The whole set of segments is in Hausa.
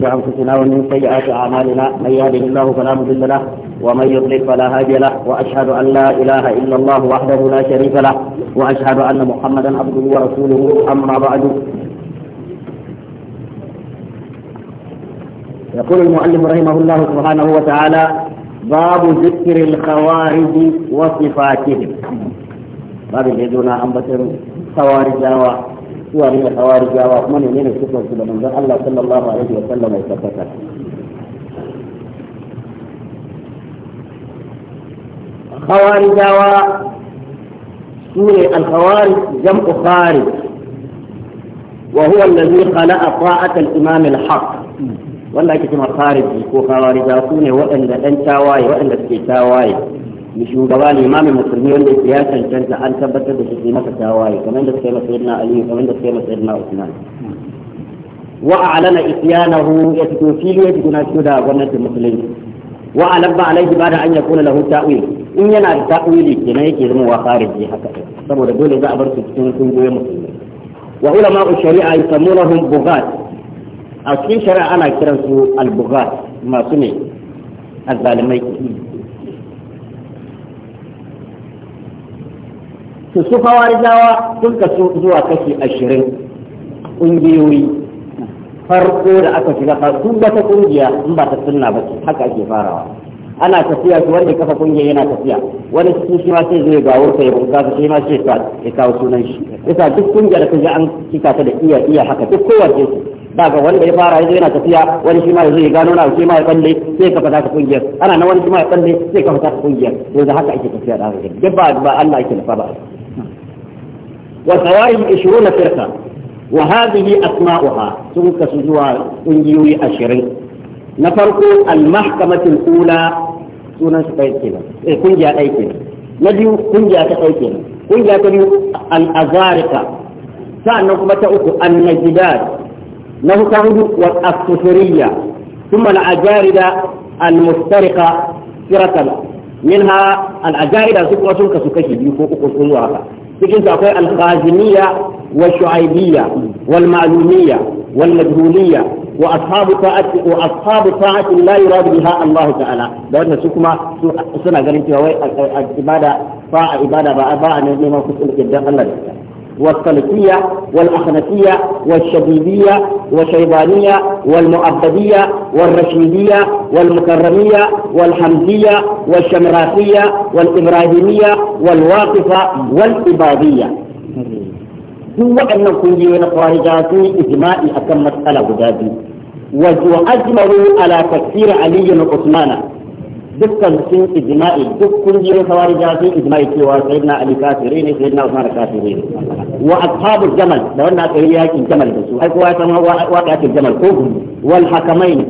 بأنفسنا ومن سيئات أعمالنا من يهده الله فلا مضل له ومن يضلل فلا هادي له وأشهد أن لا إله إلا الله وحده لا شريك له وأشهد أن محمدا عبده ورسوله أما بعد يقول المؤلف رحمه الله سبحانه وتعالى باب ذكر الخوارج وصفاتهم باب يجونا أنبتر خوارج سوى من الخوارج يا من من الكفر في رمضان الله صلى الله عليه وسلم وثبت خوارج و سورة الخوارج جمع خارج وهو الذي خلق طاعة الإمام الحق والله كتما خارج يكون خوارج سورة وإن لأن تاواي وإن لأن تاواي da shugaba ne imamin musulmi wanda ya cancanta an tabbatar da shi masa tawaye kamar da suka yi masa yadda aliyu kamar da suka yi masa yadda usman وأعلن إتيانه يتكون يتكون شدى غنة المسلمين وألب عليه بعد أن يكون له تأويل إن ينا تأويلي كنا يكيزم وخارجي هكذا سبو دول إذا أبرت تكون كنجو مسلمين وعلماء الشريعة يسمونهم بغاة أصلي شرع أنا كرنسو البغاة ما سمي الظالمين to su jawa sun kasu zuwa kashi ashirin ƙungiyoyi farko da aka shiga ba su wata ƙungiya in ba ta sunna ba haka ake farawa ana tafiya su wanda kafa kungiya yana tafiya wani su shi ma sai zai ga wurta ya bunka su shi ma sai sa ya kawo sunan shi yasa duk kungiya da ta ji an kika ta da iya iya haka duk kowace su daga wanda ya fara yanzu yana tafiya wani shi ma yanzu ya gano na shi ma ya kalle sai kafa ta ƙungiyar ana na wani shi ma ya kalle sai kafa ta ƙungiyar yanzu haka ake tafiya da haka duk ba Allah yake nufa ba وثوارهم عشرون فرقة وهذه أسماؤها سنك سجوها أنجيوي أشرين نفرق المحكمة الأولى سنة سبيتنا إيه، كنجا أيكنا نبيو كنجا تأيكنا كنجا تبيو الأزارقة سأنا كما تأكو النجدات نهو تهدو والأسفرية ثم الأجاردة المفترقة فرقة منها الأجاردة سكوة سكوة سكوة سكوة سكوة سكوة cikin su akwai alqazimiyya wa shu'aibiyya wal ma'lumiyya wal majhuliyya wa ashabu ta'ati wa ashabu ta'ati la yurad biha Allah ta'ala da wannan su kuma suna ganin cewa wai ibada fa ibada ba ba ne neman kusul kiddan Allah da والسلفية والأخنفية والشبيبية والشيبانية والمؤبدية والرشيدية والمكرمية والحمدية والشمراتية والإبراهيمية والواقفة والإبادية هو أن kungiyoyi na kwarija إجماع yi ijma'i akan matsala guda على wa ajmaru dukkan cikin ijma'i duk kungiyoyin kawarija sun ijma'i cewa sayyidina ali kafiri ne sayyidina usman kafiri ne wa ashabu jamal da wannan kai yakin jamal da su ai kowa san wa waka yakin jamal ko wal hakamain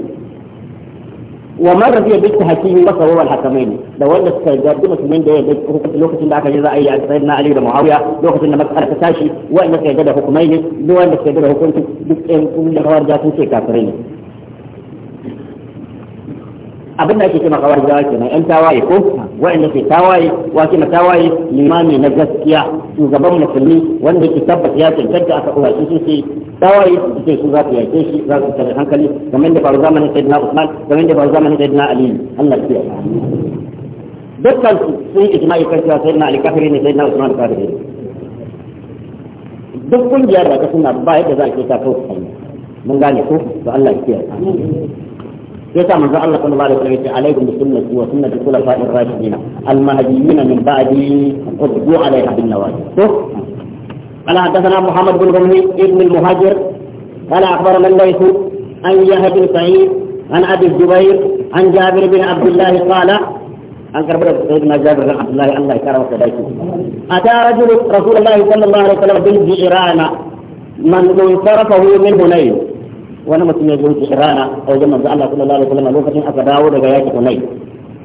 wa man rafiya bi tahkim masa wa wal hakamain da wanda suka ga duk musulmin da yake lokacin da aka yi za'ayi a yi sayyidina ali da muawiya lokacin da mas'ala ta tashi wa in suka ga da hukumai ne duk wanda suka ga da hukunci duk ɗan kungiyoyin da sun ce kafirai ne abin da ake cewa kawar jawa ke nan yan tawaye ko wa'anda ke tawaye wace na tawaye limami na gaskiya shugaban musulmi wanda ke tabbata ya cancanta aka ɗora shi sosai tawaye su ce su za su yake shi za su tare hankali kamar da faru zamanin sayyidina Usman kamar da faru zamanin sayyidina Ali Allah ya dukkan su sun yi ijma'i kan cewa sayyidina Ali kafiri ne sayyidina Usman kafiri ne duk kungiyar da ta suna ba yadda za a ke ta kawo mun gane ko to Allah ya kiyaye yasa من زعل الله صلى الله عليه وسلم عليكم بسنة وسنة sunnati khulafa'ir rashidin al-mahdiyyin min ba'di quddu alaiha قال حدثنا محمد بن رمحي ابن المهاجر قال اخبرنا الليث عن يحيى بن سعيد عن ابي الزبير عن جابر بن عبد الله قال عن كربلاء سيدنا جابر بن عبد الله الله يكرمه وكذلك اتى رجل رسول الله صلى الله عليه وسلم بالجيران من انصرفه من هنين wani mutum ya zo wuce rana a wajen manzo Allah sallallahu alaihi wasallam lokacin aka dawo daga yaki Hunayn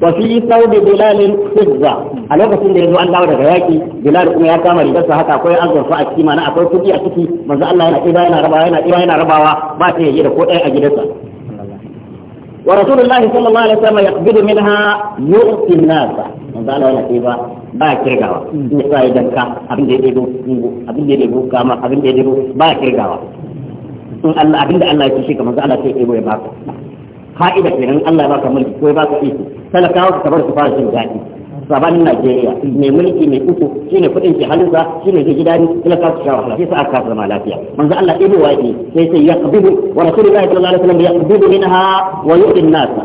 wa fi saudi bilalin fidda a lokacin da ya zo an dawo daga yaki bilal kuma ya kama sa haka akwai azurfa a ciki mana akwai kudi a ciki manzo Allah yana tsira yana rabawa yana tsira yana rabawa ba ta yaje da ko ɗaya a gidansa wa rasulullahi sallallahu alaihi wasallam yaqbidu minha yu'ti an-nasa manzo Allah yana tsira ba kirgawa in sai danka abin da yake dego abin da yake dego kama abin da yake dego ba kirgawa in Allah abinda Allah ya ce kamar Allah sai ya baka ka'ida kenan Allah ya baka mulki ko ya baka iko talakawa ka bar su fara jin daɗi sabanin Najeriya mai mulki mai uku shine kudin ke halinsa shine zai ji dadi ila ka shawo Allah sai aka kasa zama lafiya manzo Allah ibo wa'i sai sai yaqbidu wa rasulullahi sallallahu alaihi wasallam yaqbidu minha wa yu'ti an-nasa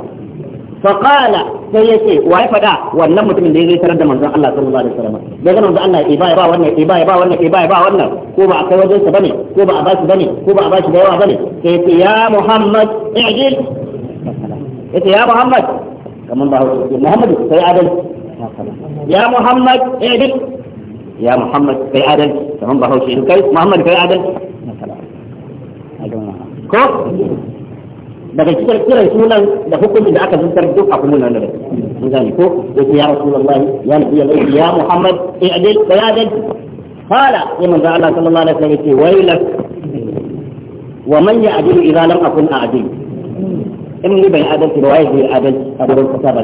فقال sai ya ce wa ya faɗa wannan mutumin da ya zai tarar da manzon Allah sallallahu alaihi wasallam da ga manzon Allah ibaya ba wannan ibaya ba wannan ibaya ba wannan ko ba a kai wajen sa bane ko ba a bashi bane ko ba a bashi da yawa bane sai ya ce ya Muhammad i'jil ya ce ya Muhammad kaman ba hausa Muhammad sai adal ya Muhammad i'jil ya Muhammad sai adal kaman ba hausa kai Muhammad kai adal ko daga cikin kiran sunan da hukumin da aka zartar duk a mun nan da mun gani ko yace ya rasulullahi ya nabi ya nabi ya Muhammad i'dil wa ya dal qala ya manzo Allah sallallahu alaihi wasallam yace waila wa man ya ya'dilu idan lam akun a'dil in ni bai adalci ba wai bai adalci a gurin kasa ba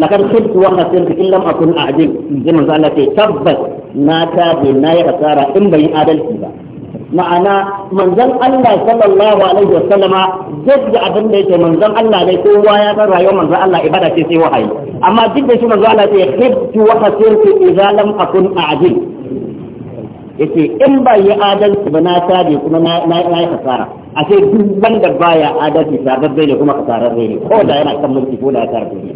lakar shirku wa masirku in lam akun a'dil ya manzo Allah ce tabbas na ta bi na ya kasara in bai adalci ba ma'ana manzon Allah sallallahu alaihi wasallama duk da abin da yake manzon Allah ne kowa ya san rayuwar manzon Allah ibada ce sai wahayi amma duk da shi manzon Allah ya kibtu wa hasirtu idza lam akun a'dil yace in ba yi adalci ba na tabe kuma na na yi kasara a ce duk wanda baya adalci zai ne kuma kasarar ne ko da yana kan mulki ko da ya tara duniya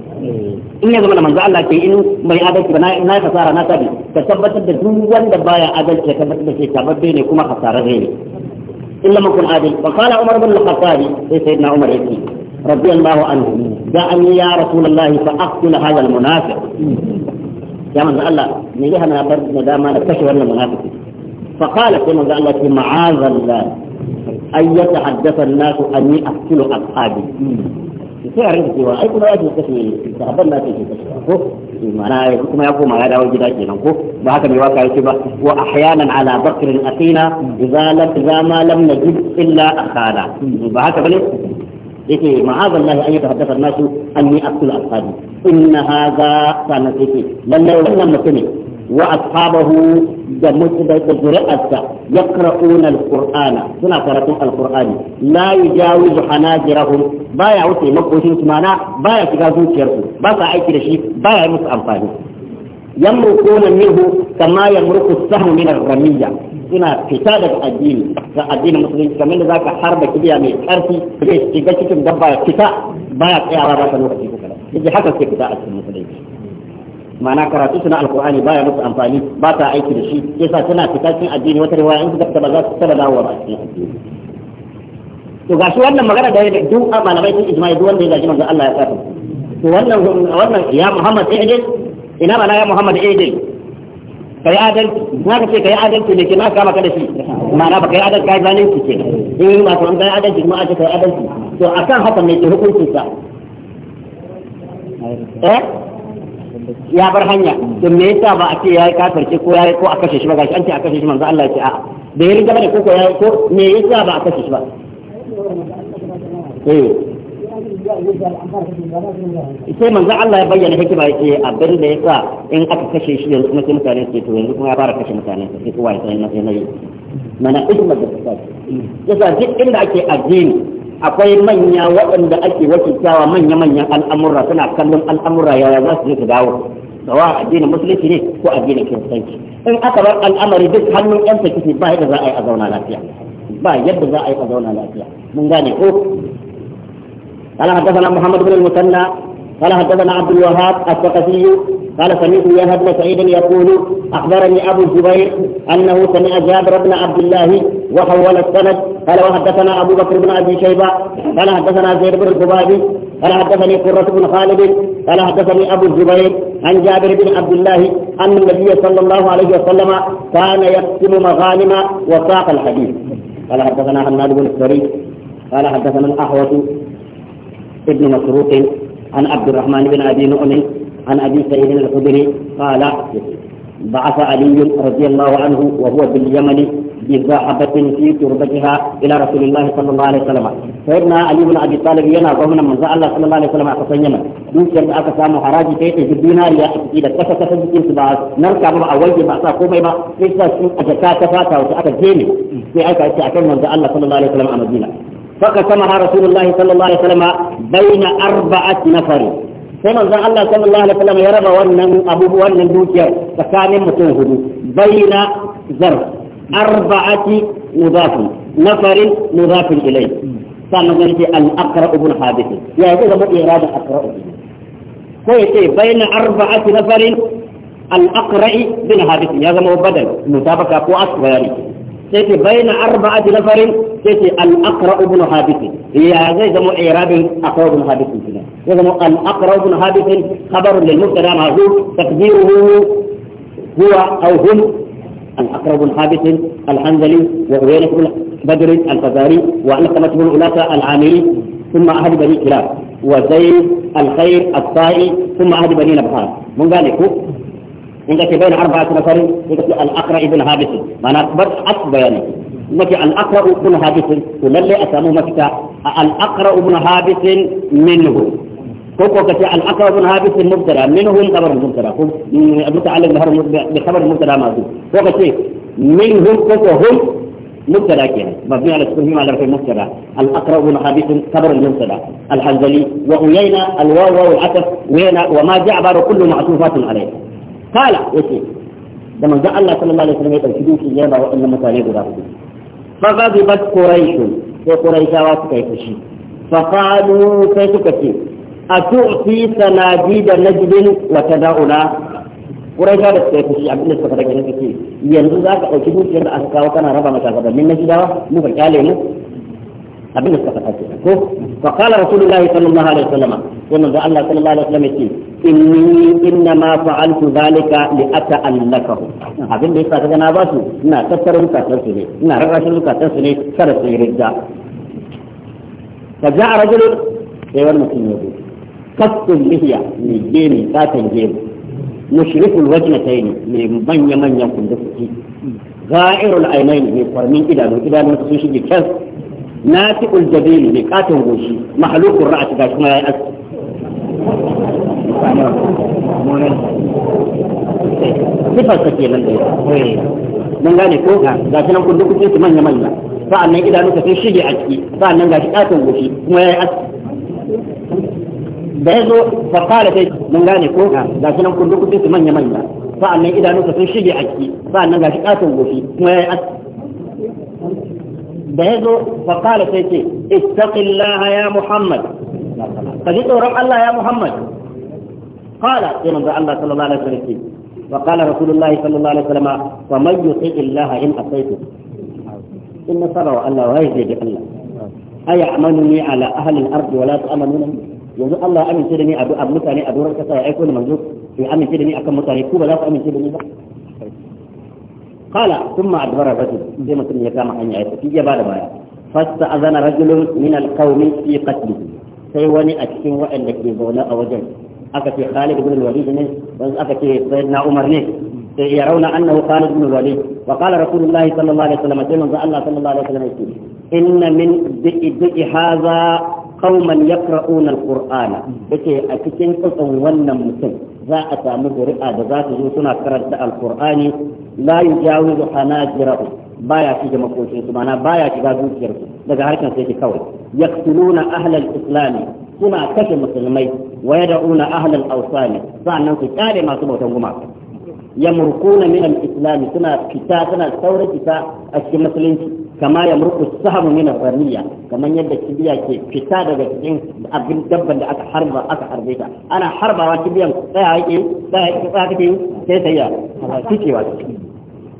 in ya zama da manzo Allah ke in mai adalci ba na yi kasara na tabe ka tabbatar da duk wanda baya adalci ka tabbatar da shi sababbai ne kuma kasarar ne illa man kun adil fa qala umar bin al-khattab sai sayyidina umar yake رضي الله عنه دعني يا رسول الله فأقتل هذا المنافق يا من الله نجي هنا برد ندامة كشف المنافق فقال كما قال لك معاذ الله أن يتحدث الناس أني أقتل أصحابي تعرف جوا أي كل واحد يكفي تعب الناس يكفي ما أنا كم وأحيانا على بكر أثينا إذا لم إذا ما لم نجد إلا أخانا ما هذا معاذ الله أن يتحدث الناس أني أقتل أصحابي إن هذا كان يكفي لأن لم نكمل وأصحابه da ƙuri'arsa ya ƙara'una al-ƙur'ana suna karatun al-ƙur'ani la yi jawo zuhana jirahun ba ya wuce makoshin su mana ba ya shiga zuciyarsu ba sa aiki da shi ba ya yi musu amfani yamrukuna minhu kama yamruku sahmu min ar-ramiyya suna fita daga addini ga addinin musulunci kamar da zaka harba kibiya mai karfi zai shiga cikin dabba ya fita baya tsayawa ba ta lokaci ko kaza haka sai fita a cikin musulunci ma'ana karatu suna alkur'ani baya musu amfani ba ta aiki da shi yasa suna fita cikin addini wata riwaya in suka fita ba za su taba dawowa ba cikin addini to gashi wannan magana da yake duk malamai sun ijma'i duk wanda ya gashi manzo Allah ya saka to wannan wannan ya Muhammad idil ina mana ya Muhammad idil kai adalci na ka ce kai adalci ne ke na kama ka da shi ma'ana ba kai adalci kai zalunci ke in ma to an kai adalci kuma a ce kai adalci to akan haka ne ke hukuncin sa eh ya bar hanya don me yasa ba a ce yayi kafirce ko yayi ko a kashe shi ba gashi an ce a kashe shi manzo Allah ya ce a da ya gaba da koko yayi ko me yasa ba a kashe shi ba eh sai manzo Allah ya bayyana ba yake abin da yasa in aka kashe shi yanzu kuma sai mutane ke to yanzu kuma ya fara kashe mutane sai kowa ya san na yi mana hikimar da ta yasa duk inda ake addini akwai manya waɗanda ake wakiltawa manya-manyan al'amura suna kallon al'amura yaya za su je su dawo sawa addinin musulunci ne ko addinin kiristanci in aka bar al'amari duk hannun yan sakiti ba yadda za a yi a zauna lafiya ba yadda za a yi a zauna lafiya mun gane ko قال حدثنا Muhammadu بن musanna قال حدثنا عبد الوهاب الثقفي قال سمعت يا بن سعيد يقول اخبرني ابو الزبير انه سمع جابر بن عبد الله وحول السند قال وحدثنا ابو بكر بن ابي شيبه قال حدثنا زيد بن الخبابي قال حدثني قرة بن خالد قال حدثني ابو الزبير عن جابر بن عبد الله ان النبي صلى الله عليه وسلم كان يقسم مغانم وساق الحديث قال حدثنا حماد بن الثري قال حدثنا الاحوص ابن مسروق عن عبد الرحمن بن أبي نعم عن أبي سعيد الخدري قال بعث علي رضي الله عنه وهو باليمن بذاحبة في تربتها إلى رسول الله صلى الله عليه وسلم سيدنا علي بن أبي طالب ينا قومنا من الله صلى الله عليه وسلم أقصى اليمن دوك يرد أقصى محراج تيت الدنيا يا إذا كسا كسا جبين سباز مع أولي جبع ساقوم إما إذا أجكا كفاتا وتأكد جيني في أكا أكا من الله صلى الله عليه وسلم على المدينة فقسمها رسول الله صلى الله عليه وسلم بين أربعة نفر فمن ذا الله صلى الله عليه وسلم يرى وأن أبوه وأن البوكي فكان متوهد بين زر أربعة مضاف نفر مضاف إليه فمن ذلك الأقرأ بن حادث يعني هذا مو إرادة أقرأ فيتي بين أربعة نفر الأقرأ بن حادث يعني هذا بدل مسابقة وأصغر يعني سيتي بين أربعة نفر سيتي الأقرأ بن حابث يا زي زمو إعراب أقرع بن حابث يا زمو الأقرع بن حابث خبر للمبتدا معروف تقديره هو أو هم الأقرأ بن حابث الحنزلي وعيينة بن بدر الفزاري وعلقمة بن علاقة العامري ثم أهل بني كلاب وزيد الخير الصائي ثم أهل بني نبهار من قال عندك بين أربعة نفر يقول الأقرأ ابن هابس معنى أكبر أكبر يعني إنك الأقرأ ابن هابس كل اللي أسامه مكتا الأقرأ ابن هابس منه الأقرأ ابن هابس مبتدا منهم خبر مبتدا أبو بخبر مبتدا ما زو كوكو منهم كوكو هم مبتدا كيان على سكره على رفع الأقرأ ابن هابس خبر مبتدا الحنزلي وأوينا الواو والعطف وينا وما جعبر كل معطوفات عليه kala yake da manzon Allah sallallahu alaihi wasallam ya dauki dukin ya ba waɗannan mutane guda hudu fa bat quraish sai quraishawa suka yi fushi fa qalu sai suka ce atu'ti sanadid najdin wa tada'una quraisha da suka yi fushi abin da suka rage ne suke yanzu za ka dauki dukin da aka kawo kana raba mata min najdawa mu ka kyale mu abin da suka faɗa ke ko fa qala rasulullahi sallallahu alaihi wasallam wannan da Allah sallallahu alaihi wasallam yake inni inna ma fa'altu zalika li ata'allakahu abin da yasa kaga na ba su ina tattara zukatan su ne ina rarrashin zukatan su ne kada su yi ridda fa ja'a rajulun sai wani mutum ya zo kasbun lihiya mai gemi satan gemu mushrikul wajnatayn mai manya manyan kunduki za'irul ainain mai kwarmin idanu idanu sun shige kansu ناتئ الجبيل ميقاته بوشي محلوك الرأة تباش ملاي أسر صفة سكية من ذلك إيه. من غاني كو ذاك نعم كل لكم انت من يمنى فأنا إذا نتفي شجي أجي فأنا نجاش آت وغشي ملاي أسر بهذا بهذا فقال سيدي اتق الله يا محمد فجئت رب الله يا محمد قال ان الله صلى الله عليه وسلم وقال رسول الله صلى الله عليه وسلم ومن يطع الله ان اطيته ان صبر الله عليه وسلم اي امنني على اهل الارض ولا تامنون yanzu Allah ya amince da ابو abu mutane a doron kasa ya aiko ni manzo ya amince da ni akan mutane قال ثم أدبر الرجل زي ما كنا يقام حين يعيش في جبال بايا فاستأذن رجل من القوم في قتله سيواني أكسين وإن لك يزونا أوجه أكتي خالد بن الوليد نه أكتي سيدنا عمر نه يرون أنه خالد بن الوليد وقال رسول الله صلى الله عليه وسلم الله صلى الله عليه وسلم إن من دئ دئ هذا qauman yaqra'una alqur'ana yace a cikin tsotson wannan mutum za a samu zuri'a da za su zo suna karanta alqur'ani la yujawizu hanajirahu baya shiga makocin su mana baya shiga zuciyar su daga harkan sai ke kawai yaqtuluna ahlal islami suna kashe musulmai wa yad'una ahlal awsani sannan su kare masu bautan gumaka يمرقون من الإسلام كنا كتا كنا ثورة كتا أشكمسلين كما يمرق السهم من الرمية كما يبدأ كبيا كتا دقا كتين أبن دبا لأك حربا أك حربا أنا حربا وكبيا سيا هيكي سيا هيكي سيا هيكي سيا سيا سيكي واسي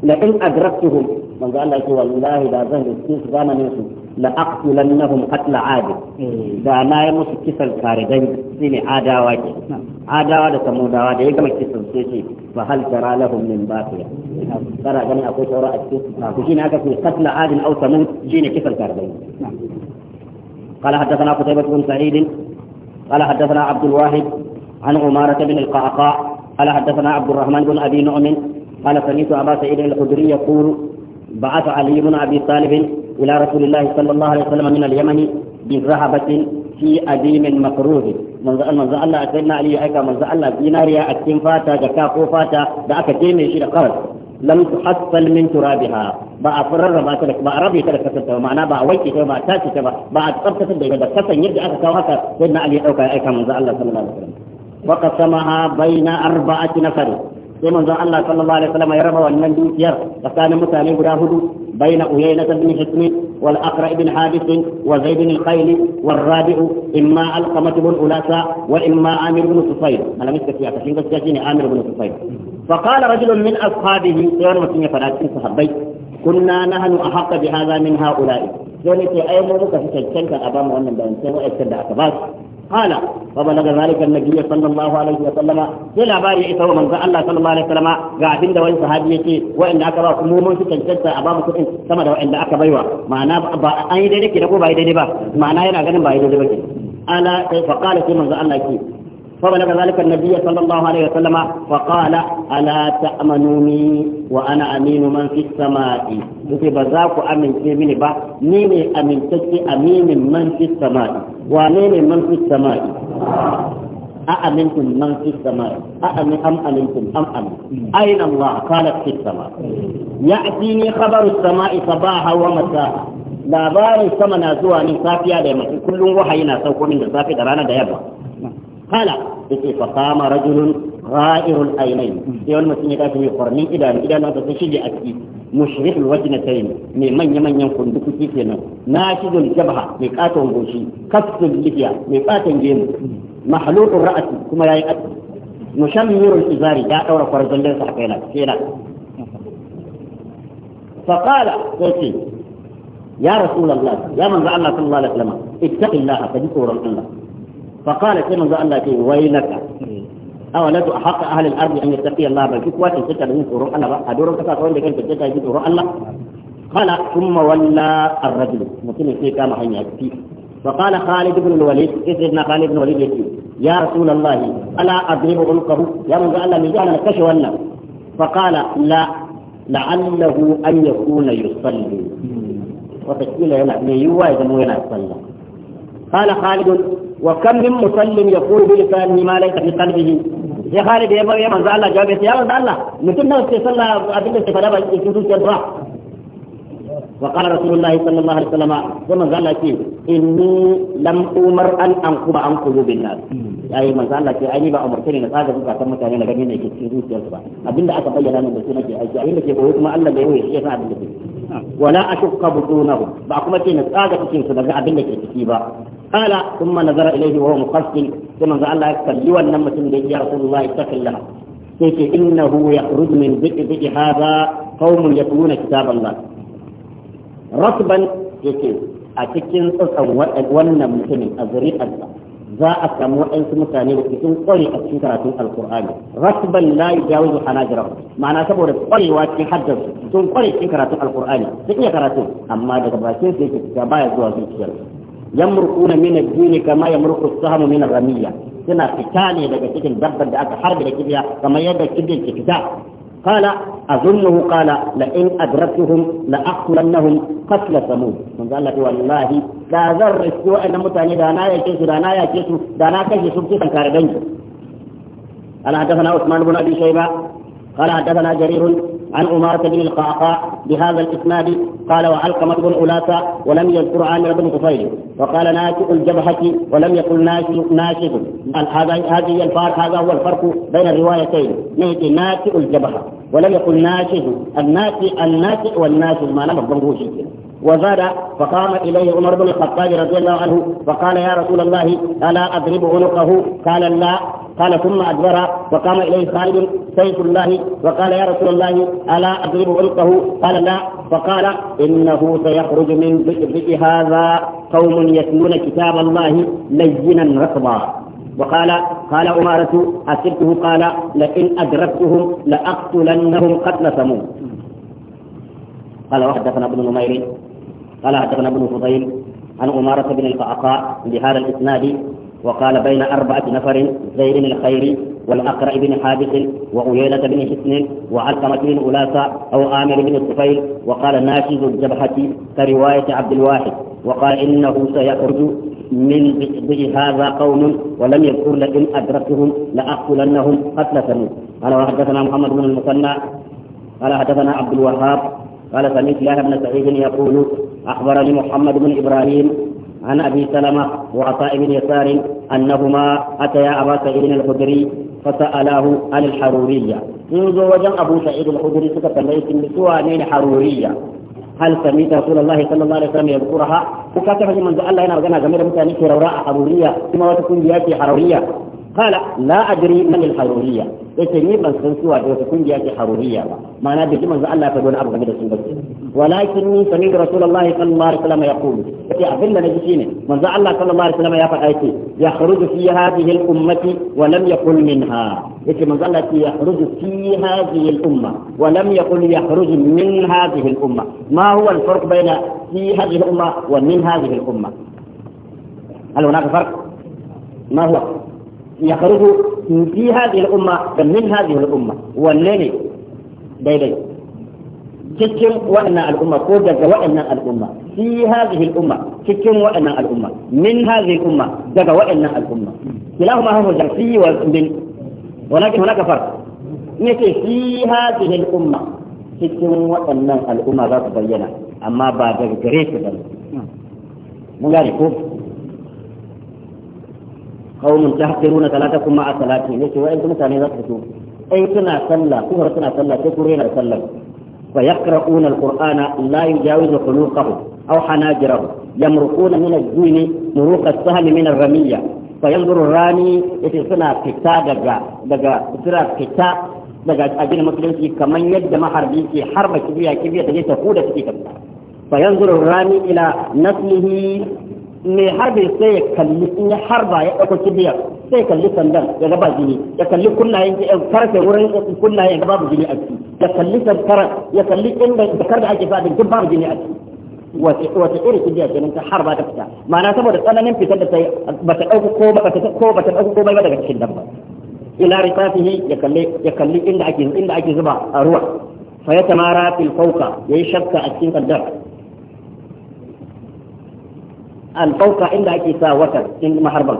لئن أدركتهم من قال لك والله لا ظهر السيس غانا نيسو لأقتلنهم قتل عادي دانا يموس كسل كاردين سيني عادا واجي نعم. عادا واجي سمودا واجي يقمك كسل سيسي فهل ترى لهم من باقية ترى جميع أقول سورة أكتب هذا في قتل عاد أو ثمود جيني كيف الكربين قال حدثنا قتيبة بن سعيد قال حدثنا عبد الواحد عن عمارة بن القعقاع قال حدثنا عبد الرحمن بن أبي نعم قال سمعت أبا سعيد الخدري يقول بعث علي بن أبي طالب إلى رسول الله صلى الله عليه وسلم من اليمن برهبة في أديم مكروه manzo manzo Allah a sayyidina Ali ya aika manzo Allah dinariya a cikin fata da kafo fata da aka jeme shi da karas lam tuhassal min turabiha ba a furarra ba ta ba a rabe ta da kasanta ma'ana ba a wanke ta ba a tace ta ba ba a tsaftace da da kasan yadda aka kawo haka sayyidina Ali ya dauka ya aika manzo Allah sallallahu alaihi wasallam wa qasamaha baina arba'ati nafar sai manzon Allah sallallahu alaihi wasallam ya raba wannan dukiyar tsakanin mutane guda hudu بين أولينة بن حسن والأقرأ بن حادث وزيد بن الخيل والرابع إما القمة بن أولاسا وإما عامر بن سفير أنا مش كثير أتحين بس جاتيني عامر بن سفير فقال رجل من أصحابه سيارة مسلمة فرات صحبي كنا نحن أحق بهذا من هؤلاء سيارة أي مرة كثيرا كان أبا مؤمن بأنسان وإذا كان قال وبلغ ذلك النبي صلى الله عليه وسلم يلا باري إسهو من ذا الله صلى الله عليه وسلم قاعدين دوا إن صحابيتي وإن أكبر كمومون في تنشدت أباب كتن كما دوا إن أكبر يوا معنا أي ديني كي نقو باي ديني انا معنا ينا غنم باي ديني انا ألا فقال في من ذا الله كي فبلغ ذلك النبي صلى الله عليه وسلم فقال ألا تأمنوني وأنا أمين من في السماء كتب ذاك أمن كمين با نيني أمن تكي أمين من في السماء وأمين من في السماء أأمنتم من في السماء أأمن أم أمنتم أم أمن أين الله قالت في السماء يأتيني خبر السماء صباحا ومساء labarin sama na zuwa ne safiya da yamma kullum wahayi na sauko min da safi da rana da yamma kala yake fa rajulun ra'irul sai a ciki mushrikul wajnatayn mai manya manyan kundukuki kenan jabha mai katon goshi mai katon gemu mahluqur kuma yayi mushammirul izari ya daura sa kaina kenan يا رسول الله يا من الله صلى الله عليه وسلم اتق الله الله فقال كما ذا الله كي ويلك أو لا تحق أهل الأرض أن يتقي الله بل كيف واتي ستة لهم فروع الله أدور كفا قوين لكي تجد أي فروع الله قال ثم ولى الرجل مثل في كام حين يكفي فقال خالد بن الوليد سيدنا خالد بن الوليد يكفي يا رسول الله ألا أضرب عنقه يا من ذا الله من جعل نكشف ولا فقال لا لعله أن يكون يصلي وتشكيله يلعب ليوا إذا مو يلعب صلى قال خالد وكم من مسلم يقول بلسانه ما ليس في قلبه يا خالد يا مريم ما زال جاب يا رب الله مثل ما صلى ابن سفر بقى يسوس يضرا وقال رسول الله صلى الله عليه وسلم وما قال لك اني لم امر ان انقب عن قلوب الناس اي ما زال كي اني با امر كني نتاجا بكا كما كان انا غني نك يسوس يضرا ابن ده اتقي انا بس نك اي اي نك هو ما الله ده هو يا ابن ولا اشق بطونهم باقمتي نتاجا كي سنك ابن نك كي با قال ثم نظر إليه وهو مقصد ثم قال الله يكتب لو أن مسلم يا رسول الله اتق الله سيك إنه يخرج من ذئ ذئ هذا قوم يتلون كتاب الله رطبا سيك أتكين أصلا وأن مسلم أزري أزري za a samu waɗansu mutane da sun ƙware a cikin karatun alkur'ani rasban la yujawizu hanajira ma'ana saboda ƙwarewa cikin haddar sun ƙware cikin karatun alkur'ani sun iya karatu amma daga bakin su yake baya zuwa zuciyar يمرقون من الدين كما يمرق السهم من الرمية سنة ar-ramiyya suna fita ne daga cikin dabbar da aka harbe da قال أظنه قال لئن أدركتهم لأقتلنهم قتل ثمود من قال لك والله لا ذر السوء أن متاني دانا يكيس دانا يكيس دانا كيس سبتي كاردنج قال حدثنا عثمان بن أبي شيبة قال حدثنا جرير عن أمارة بن القعقاع بهذا الإسناد قال وعلقمة بن أولاسة ولم يذكر عامر بن طفيل وقال ناشئ الجبهة ولم يقل ناشئ ناشئ هذا هذه الفرق هذا هو الفرق بين الروايتين ناشئ الجبهة ولم يقل ناشئ الناشئ الناشئ والناشئ ما لم بنقول وزاد فقام اليه عمر بن الخطاب رضي الله عنه فقال يا رسول الله الا اضرب عنقه قال لا قال ثم ادبر فقام اليه خالد سيف الله وقال يا رسول الله الا اضرب عنقه قال لا فقال انه سيخرج من بئر هذا قوم يتلون كتاب الله لينا رطبا وقال قال عمارة أسرته قال لئن أدركتهم لأقتلنهم قتل ثمود قال وحدثنا ابن نمير قال حدثنا ابن فضيل عن عمارة بن القعقاع بهذا الإسناد وقال بين أربعة نفر زيد الخير والأقرع بن حابس وعيينة بن حسن وعلقمة بن أولاسة أو آمر بن الطفيل وقال ناشز الجبهة كرواية عبد الواحد وقال إنه سيخرج من به هذا قوم ولم يذكر لئن أدركتهم لأقتلنهم قتلة قال وحدثنا محمد بن المثنى قال حدثنا عبد الوهاب قال سمعت لها بن سعيد يقول اخبرني محمد بن ابراهيم عن ابي سلمه وعطاء بن يسار انهما اتيا ابا سعيد الخدري فسالاه عن الحروريه يوزو وجن ابو سعيد الخدري سكت ليس سوى من حروريه هل سميت رسول الله صلى الله عليه وسلم يذكرها وكاتب منذ الله انا رجعنا جميل متاني في روراء حروريه ثم وتكون بياتي حروريه قال لا ادري من الحروريه yace ni ban san suwa da wata kungiya ce haruriya ba ma'ana da ji manzo Allah ya faɗi wani abu game da su ba walakin ni sami da rasulullahi sallallahu alaihi wasallam ya kulu yace abin da naji shine manzo Allah sallallahu alaihi wasallam ya faɗa yace ya kharuju fi hadhihi al ummati wa lam yaqul minha yace manzo Allah ya kharuju fi hadhihi al umma wa lam yakul yakhruju min hadhihi al umma ma huwa al farq bayna fi hadhihi al umma wa min hadhihi al umma هل هناك فرق ما هو يخرج في هذه الأمة من هذه الأمة والنبي daidai cikin waɗannan al'umma ko daga waɗannan al'umma fi hadhihi al'umma cikin waɗannan al'umma min hadhihi al'umma daga waɗannan al'umma kilahuma hawa jarfi wa min walakin hunaka farq in yace fi hadhihi al'umma cikin waɗannan al'umma za su bayyana amma ba daga gare su ba mun gane ko قوم تحقرون صلاتكم مع ثلاثة ليس وإن كنت أن ذكرتم أي كنا صلى كفر كنا صلى كفرين صلى ويقرؤون القرآن لا يجاوز خلوقه أو حناجره يمرقون من الدين مروق السهل من الرمية فينظر الراني إذا سنة فتا دقا دقا سنة فتا دقا أجل مسلمتي كمن يد محربي في حرب كبيرة كبيرة تجي تقود فينظر الرامي إلى نسله mai harbe sai ya kalli in ya harba ya ɗauko kibiya sai ya kalli sandan ya gaba jini ya kalli kunnayen ya farfe wurin kunnayen ya babu jini a ciki ya kalli sankara ya kalli inda zakar da ake fadin duk babu jini a ciki wace irin kibiya kenan ta harba ta fita ma'ana saboda tsananin fitar da ta yi ba ta ɗauko ko ba ta ko ba ta ɗauko ko ba daga cikin dabba ila rifafihi ya kalli ya kalli inda ake inda ake zuba a ruwa fa ya tamara fil fawqa yayi shakka a cikin kaddara الفوق عند اكيسا وتر ان محربا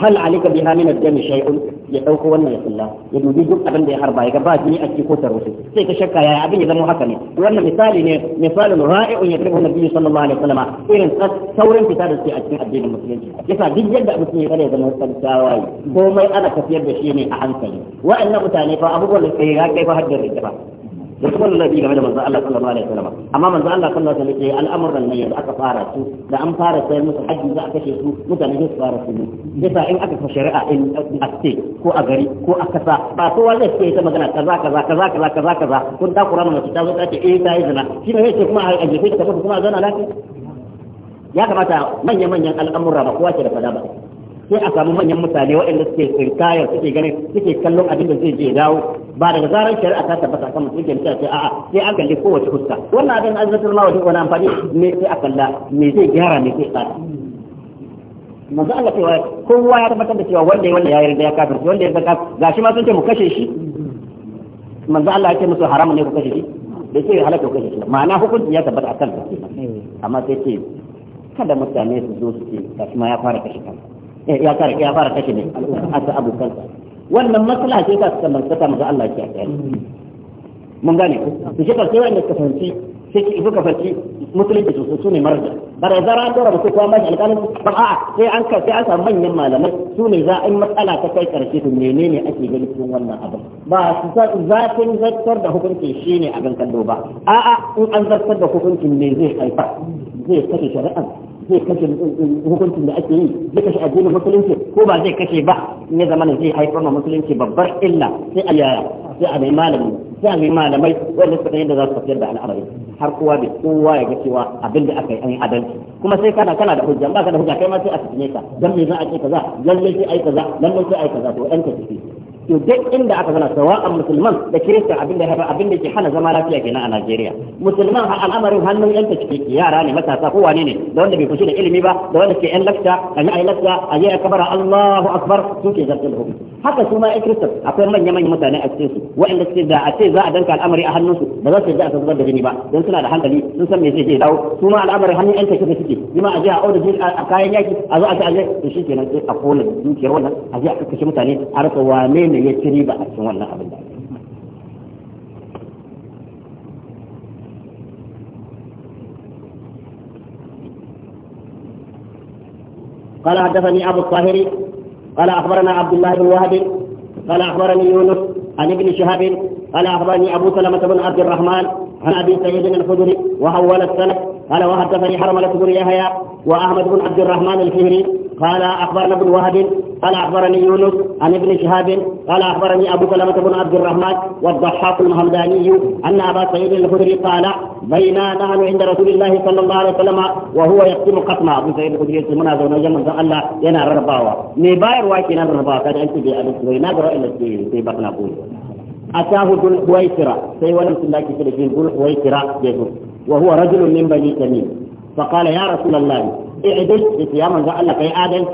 هل عليك بها من الدم شيء يدوك وانا يقول الله يدو بيجو ابن دي حربا يقبا جني اكي كوتر وسي سيك شكا يا ابن يدم حكمي وانا مثال مثال رائع يتركه النبي صلى الله عليه وسلم ايرن قد ثورا في تارس في الدين المسلمين يسا دي جدا مسلمين فلا يدم حكمي تاواي بومي انا كثير بشيني احنسني وانا قتاني فابو بولي سيغا إيه، كيف هدر الجبا da kuma lalabi game da manzo Allah sallallahu alaihi wasallam amma manzo Allah sallallahu alaihi wasallam ya al'amuran nan yanzu aka fara su da an fara sayar musu haji za a kashe su mutane su fara su ne yasa in aka fa shari'a in a state ko a gari ko a kasa ba kowa zai ce ta magana kaza kaza kaza kaza kaza kaza kun ta kura mana ta zo ta ce eh ta yi zina shi ne yake kuma a jefe ta kuma zana lafiya ya kamata manya-manyan al'amura ba kowa ke da fada ba sai a samu manyan mutane waɗanda suke tsinkayar suke ganin suke kallon abin da zai je dawo ba daga zarar shari'a ta tabbata kan mutum ke mutane a'a sai an kalli kowace fuska wannan abin an zartar ma wajen wani amfani ne sai a kalla me zai gyara me zai tsara manzo Allah cewa kowa ya tabbatar da cewa wanda ya wanda ya yarda ya shi wanda ya zaka gashi ma sun ce mu kashe shi manzo Allah ya ce musu haramun ne ku kashe shi da ce halaka ku kashe shi ma'ana hukunci ya tabbata kan ta mm. amma sai ce kada mutane su zo su ce gashi ma ya fara kashe kansa Eh, ya fara ya fara kashe ne abu abokansa wannan matsala ce ta sallan ta maza Allah ya kiyaye mun gane ko to shi sai wanda suka fahimci sai suka fahimci musulunci su su ne marja bare zara dora ba su kuma mashi alƙalin ba a sai an ka sai an samu manyan malamai su ne za a yi matsala ta kai karshe to menene ake gani cikin wannan abu ba su zafin zartar da hukunci shi a gan kallo ba a'a in an zartar da hukuncin ne zai haifar zai kashe shari'a zai kashe hukuncin da ake yi zai kashe addinin musulunci ko ba zai kashe ba in ya zama zai haifar ma musulunci babbar illa sai a yaya sai a mai malami sai a mai malamai wanda suka yadda za su tafiyar da al'amari har kowa bai kowa ya ga cewa abin da aka yi an yi adalci kuma sai kana kana da hujja ba ka da hujja kai ma sai a fitine ka dan me za a ce kaza lalle sai a yi kaza lalle sai a yi kaza to ɗan ka tafi to duk inda aka sana sawa a musulman da kiristan abin da haifa abin da ke hana zama lafiya kenan a Najeriya musulman har al'amarin hannun yan ta cike yara ne matasa ko wane ne da wanda bai kushi da ilimi ba da wanda ke yan lakta a yi ayi lakta a yi akabara Allahu akbar su ke zartar hukum haka su ma yan kiristan akwai manya manyan mutane a cikin su waɗanda suke da a ce za a danka al'amari a hannun su ba za su yarda a zubar da jini ba don suna da hankali sun san me zai je dawo su ma al'amarin hannun yan ta cike suke ma a je a auda a kayan yaki a zo a ce a je to shikenan sai a kola dukiyar wannan a je a kakkashe mutane a rasa wane ne ya ci ba a cikin wannan abin da قال حدثني ابو الطاهر قال اخبرنا عبد الله بن وهب قال اخبرني يونس عن ابن شهاب قال اخبرني ابو سلمه بن عبد الرحمن عن ابي سعيد الخدري وهو السند قال وحدثني حرمله بن يحيى واحمد بن عبد الرحمن الفهري قال اخبرنا ابن وهب قال اخبرني يونس عن ابن شهاب قال اخبرني ابو سلمه بن عبد الرحمن والضحاك الهمداني ان ابا سعيد الخدري قال بينا نحن عند رسول الله صلى الله عليه وسلم وهو يقسم قسما ابو سعيد الخدري يسمونا زونا جمع الله ينا رباوا مي باير واكي رباوا كاد انت دي سعيد ما غرا الا في بطن بوي اتاه ذو الحويسرة سي ولم تلاقي في ذو الحويسرة وهو رجل من بني تميم فقال يا رسول الله اعدل صياما فانك يا عادل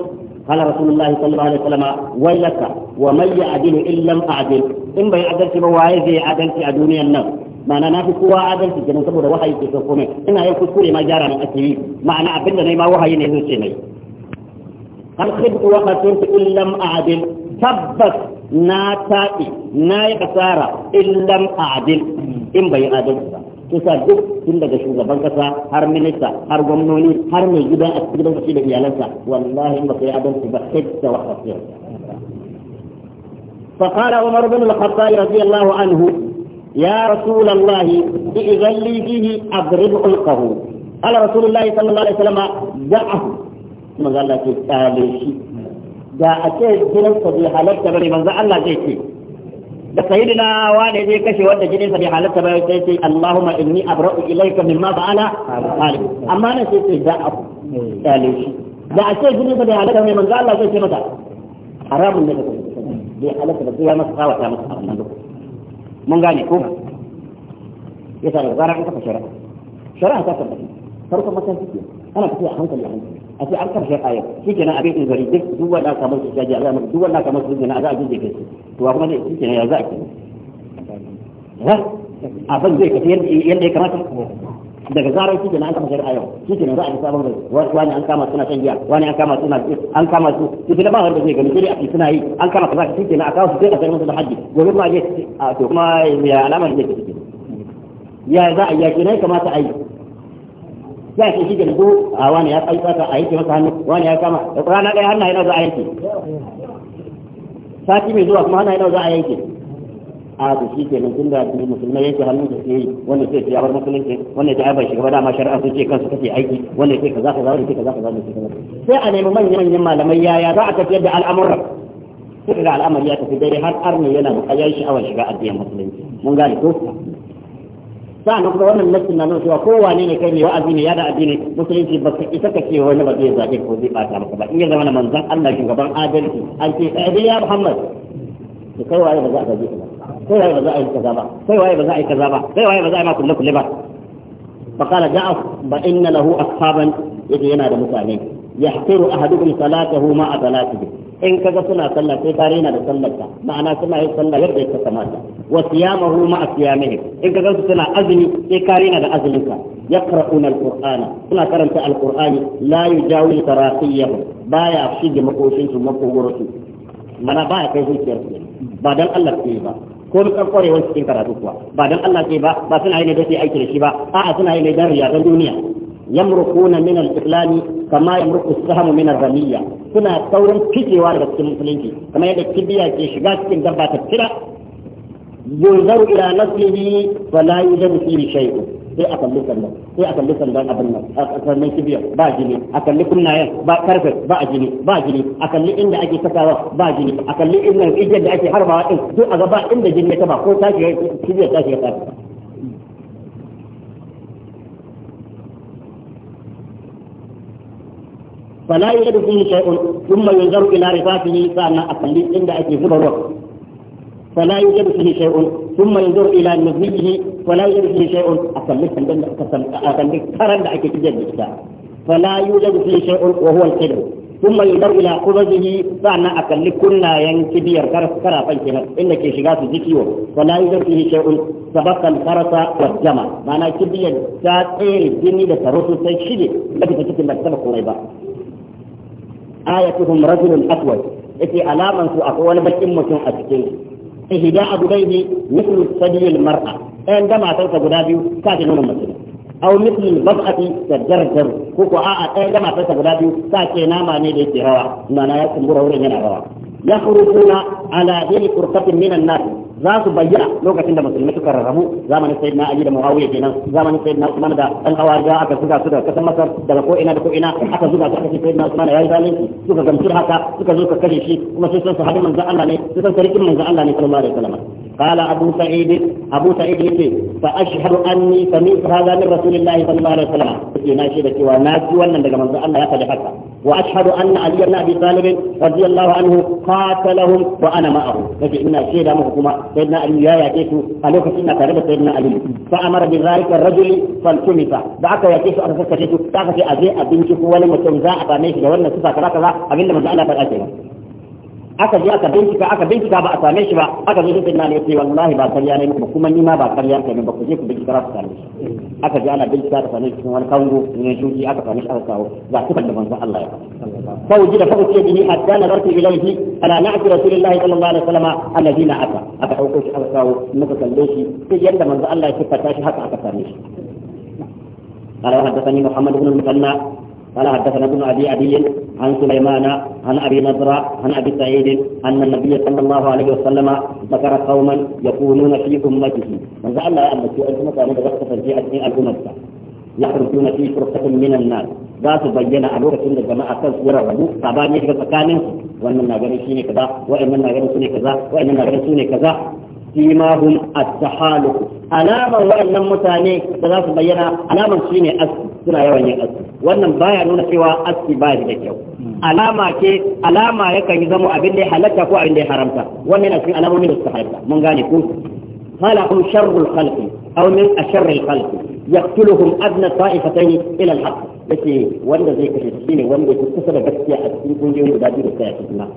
قال رسول الله صلى الله عليه وسلم ويلك ومن يعدل ان لم اعدل ان بي عدلت بواي زي عدلت ادوني النار معنى ما في قوة عدلت جنون سبو ده وحي تسوكومي انا يكو ما جارا من اكيوي معنى ابن نيما وحي نيزو سيني هل خبت وقتلت ان لم اعدل تبت ناتائي ناي خسارة ان لم اعدل ان بي عدلت kisa duk tun daga shugaban kasa har minista har gwamnoni har mai gida a cikin gidan da iyalansa wallahi ba kai adalci ba sai da wasu فقال عمر بن الخطاب رضي الله عنه يا رسول الله إذا لي فيه أضرب عنقه قال رسول الله صلى الله عليه وسلم دعه ما قال لك قال شيء da a ce jininsa bai halatta bane manzo Allah zai ce da sayyidina wane zai kashe wanda jinin sa bai halatta ba sai sai Allahumma inni abra'u ilayka mimma fa'ala alim amma nan sai sai da'a dale shi da a ce jinin sa bai halatta mai manzo Allah zai ce mata haramun ne kake bai halatta ba sai ya masa tsawata masa a nan mun gane ko yasa da zarar an kafa shari'a shari'a ta tabbata farkon mataki ana tafiya a hankali a hankali a ce an karshe ayar shi kenan abin in gari duk duk wanda kamar su jaji Allah duk wanda kamar su kenan za a jinje kai to kuma ne shi kenan ya za a kenan abin zai kafi yadda ya kamata daga zarar shi kenan an kama shari'a yau shi kenan za a yi sabon rai wani an kama suna shan giya wani an kama suna an kama su shi da ba wanda zai gani sai dai suna yi an kama kaza shi kenan a kawo su sai a sayar musu da haji gobe kuma a je to kuma ya alamar da ke ya za a yi ya kenan kamata a yi sai shi da dubu a wani ya kai fata a yake masa hannu wani ya kama da rana ɗaya hannaye nawa za a yanke sati mai zuwa kuma hannaye nawa za a yanke a to shi ke nan tun da musulmai yanke hannu da suke yi wanda sai ce abar musulunci wanda ta abar shugaba dama shari'a sun ce kansu kake aiki wanda ke kaza kaza wanda ke kaza kaza wanda ke kaza sai a nemi manyan manyan malamai yaya za a tafiyar da al'amuran sai da al'amari ya tafi daidai har arni yana buƙatar sha'awar shiga addinin musulunci mun gane ko sa'annan kuma wannan nassin na nuna cewa kowane ne kai mai wa'azi ne ya da addini musulunci ba ka isa ka ce wani ba zai zage ko zai bata maka ba in ya zama na manzon Allah shugaban adalci an ce eh ya Muhammad to kai waye ba za ka zage kai waye ba za a yi kaza ba kai waye ba za a yi kaza ba kai waye ba za a yi ma kulle kulle ba fa qala ja'af ba inna lahu ashaban yake yana da mutane يحقر أحدكم صلاته مع صلاته إن كذا سنة صلى في تارينا لصلتها معنى سنة يصلى يرجع كتماتا وصيامه مع صيامه إن كذا سنة أزني في تارينا يقرؤون القرآن سنة كرمت القرآن لا يجاوز تراقيه بايا أفشيج مقوشين ثم مقوشين mana baya kai zuciyar ke ba dan Allah ke ba ko mun kware wani cikin karatu kuwa ba dan Allah ke ba ba suna yi ne dai aiki da shi ba a'a suna yi ne dan riya dan duniya يمرقون من الاقلال كما يمرق السهم من الرمية هنا تورا كيكي وارد السلمسلين كما يدى كيبيا في شغاس في دبا تبتلا ينظر إلى نزله فلا يوجد فيه شيء إيه أكل لسن إيه أكل لسن دان أبن أكل من كيبيا باجني أكل لكم نايا كرفة باجني باجني أكل لإن أجي تتاوى باجني أكل لإن أجي حربا إن دو أغباء إن جنية تبا كو تاكي كيبيا تاكي تاكي فلا يوجد فيه شيء ثم ينظر إلى رفاته فأنا أقلي عند أجل زبر فلا يوجد فيه شيء ثم ينظر إلى مزنيه فلا يوجد فيه شيء أقلي أقلي كرم أجل تجد فلا يوجد فيه شيء وهو الكذب ثم ينظر إلى قبضه فأنا اقل كنا ينكبير كرا فانكنا إنك شغاف ذكيو فلا يوجد فيه شيء سبق الفرس والجمع معنى كبير ساتير إيه؟ الدنيا لترسل سيشيدي لكي تكتب لك سبق قريبا آيتهم رجل أسود إتي ألاما سوء أقوال بل إمة أسكين إهداء بديه مثل سبي المرأة إن دمع توتا قدابي ساكن مسلم أو مثل البضعة تجرجر كوكو آآ إن دمع توتا قدابي ساكن ناما نيدي تهوى ما نايكم برهورين هنا روا يخرجون على ذلك فرقه من الناس ذات بيئة لوكا سنة مسلمة suka rarrabu zamanin sayyidina Ali da Muawiya kenan zamanin sayyidina Usman da Al-Hawarija aka zuga su daga kasar Masar daga ko ina da ko ina aka zuga su aka ce sayyidina Usman yayi zalunci suka gamsu haka suka zo ka kashe shi kuma sai sun su hadu manzon Allah ne sai sun rikin manzon Allah ne sallallahu alaihi wasallam قال أبو سعيد أبو سعيد يقول فأشهد أني سمعت هذا من رسول الله صلى الله عليه وسلم في شيء بك وناس وأن لك من الله يفعل وأشهد أن علي بن أبي طالب رضي الله عنه قاتلهم وأنا معه يقول إن شيء سيدنا علي يا كيسو ألوك سنة كربة سيدنا علي فأمر بذلك الرجل فالتمس دعك كيسو أرسلت تاخذ تعرف أبي أبنشك ولم تنزع فميش جوانا سفا كذا كذا أبن من الله aka je aka bincika aka bincika ba a same shi ba aka zo sai nan yace wallahi ba karya ne ba kuma ni ma ba karya ne ba ku je ku bincika ra ku same shi aka je ana bincika da same shi cikin wani kango ne shuki aka same shi aka kawo za ku da manzon Allah ya fa wujida fa uce bihi hatta nazartu ilayhi ana na'ti rasulillahi sallallahu alaihi wasallam alladina aka aka dauko shi aka kawo muka kalle shi sai yanda manzon Allah ya sifata shi haka aka same shi قال وحدثني محمد بن المثنى قال حدثنا ابن ابي ابي عن سليمان عن ابي نضرة عن ابي سعيد ان النبي صلى الله عليه وسلم ذكر قوما يكونون في امته من زعل الله ان في امته من وقت في الامه يخرجون في فرقة من الناس za su bayyana a lokacin da jama'a kan su rabu sabani daga كذا wannan na كذا shine kaza wa'annan فيما هم التحالف علامة وأن المتاني تلاف بينا علامة شيني أسل سنة يوان يأسل وأن بايا نون سوى أسل باري لكيو علامة كي علامة يكا يزمو أبيني حلتا فوع عندي حرمتا وأن أسل علامة من استحالفتا من غاني كو خلق شر الخلق أو من أشر الخلق يقتلهم أدنى طائفتين إلى الحق يتي وند زي كشتيني وند كتسب بكتيا أتكين كنجي ودادي بكتيا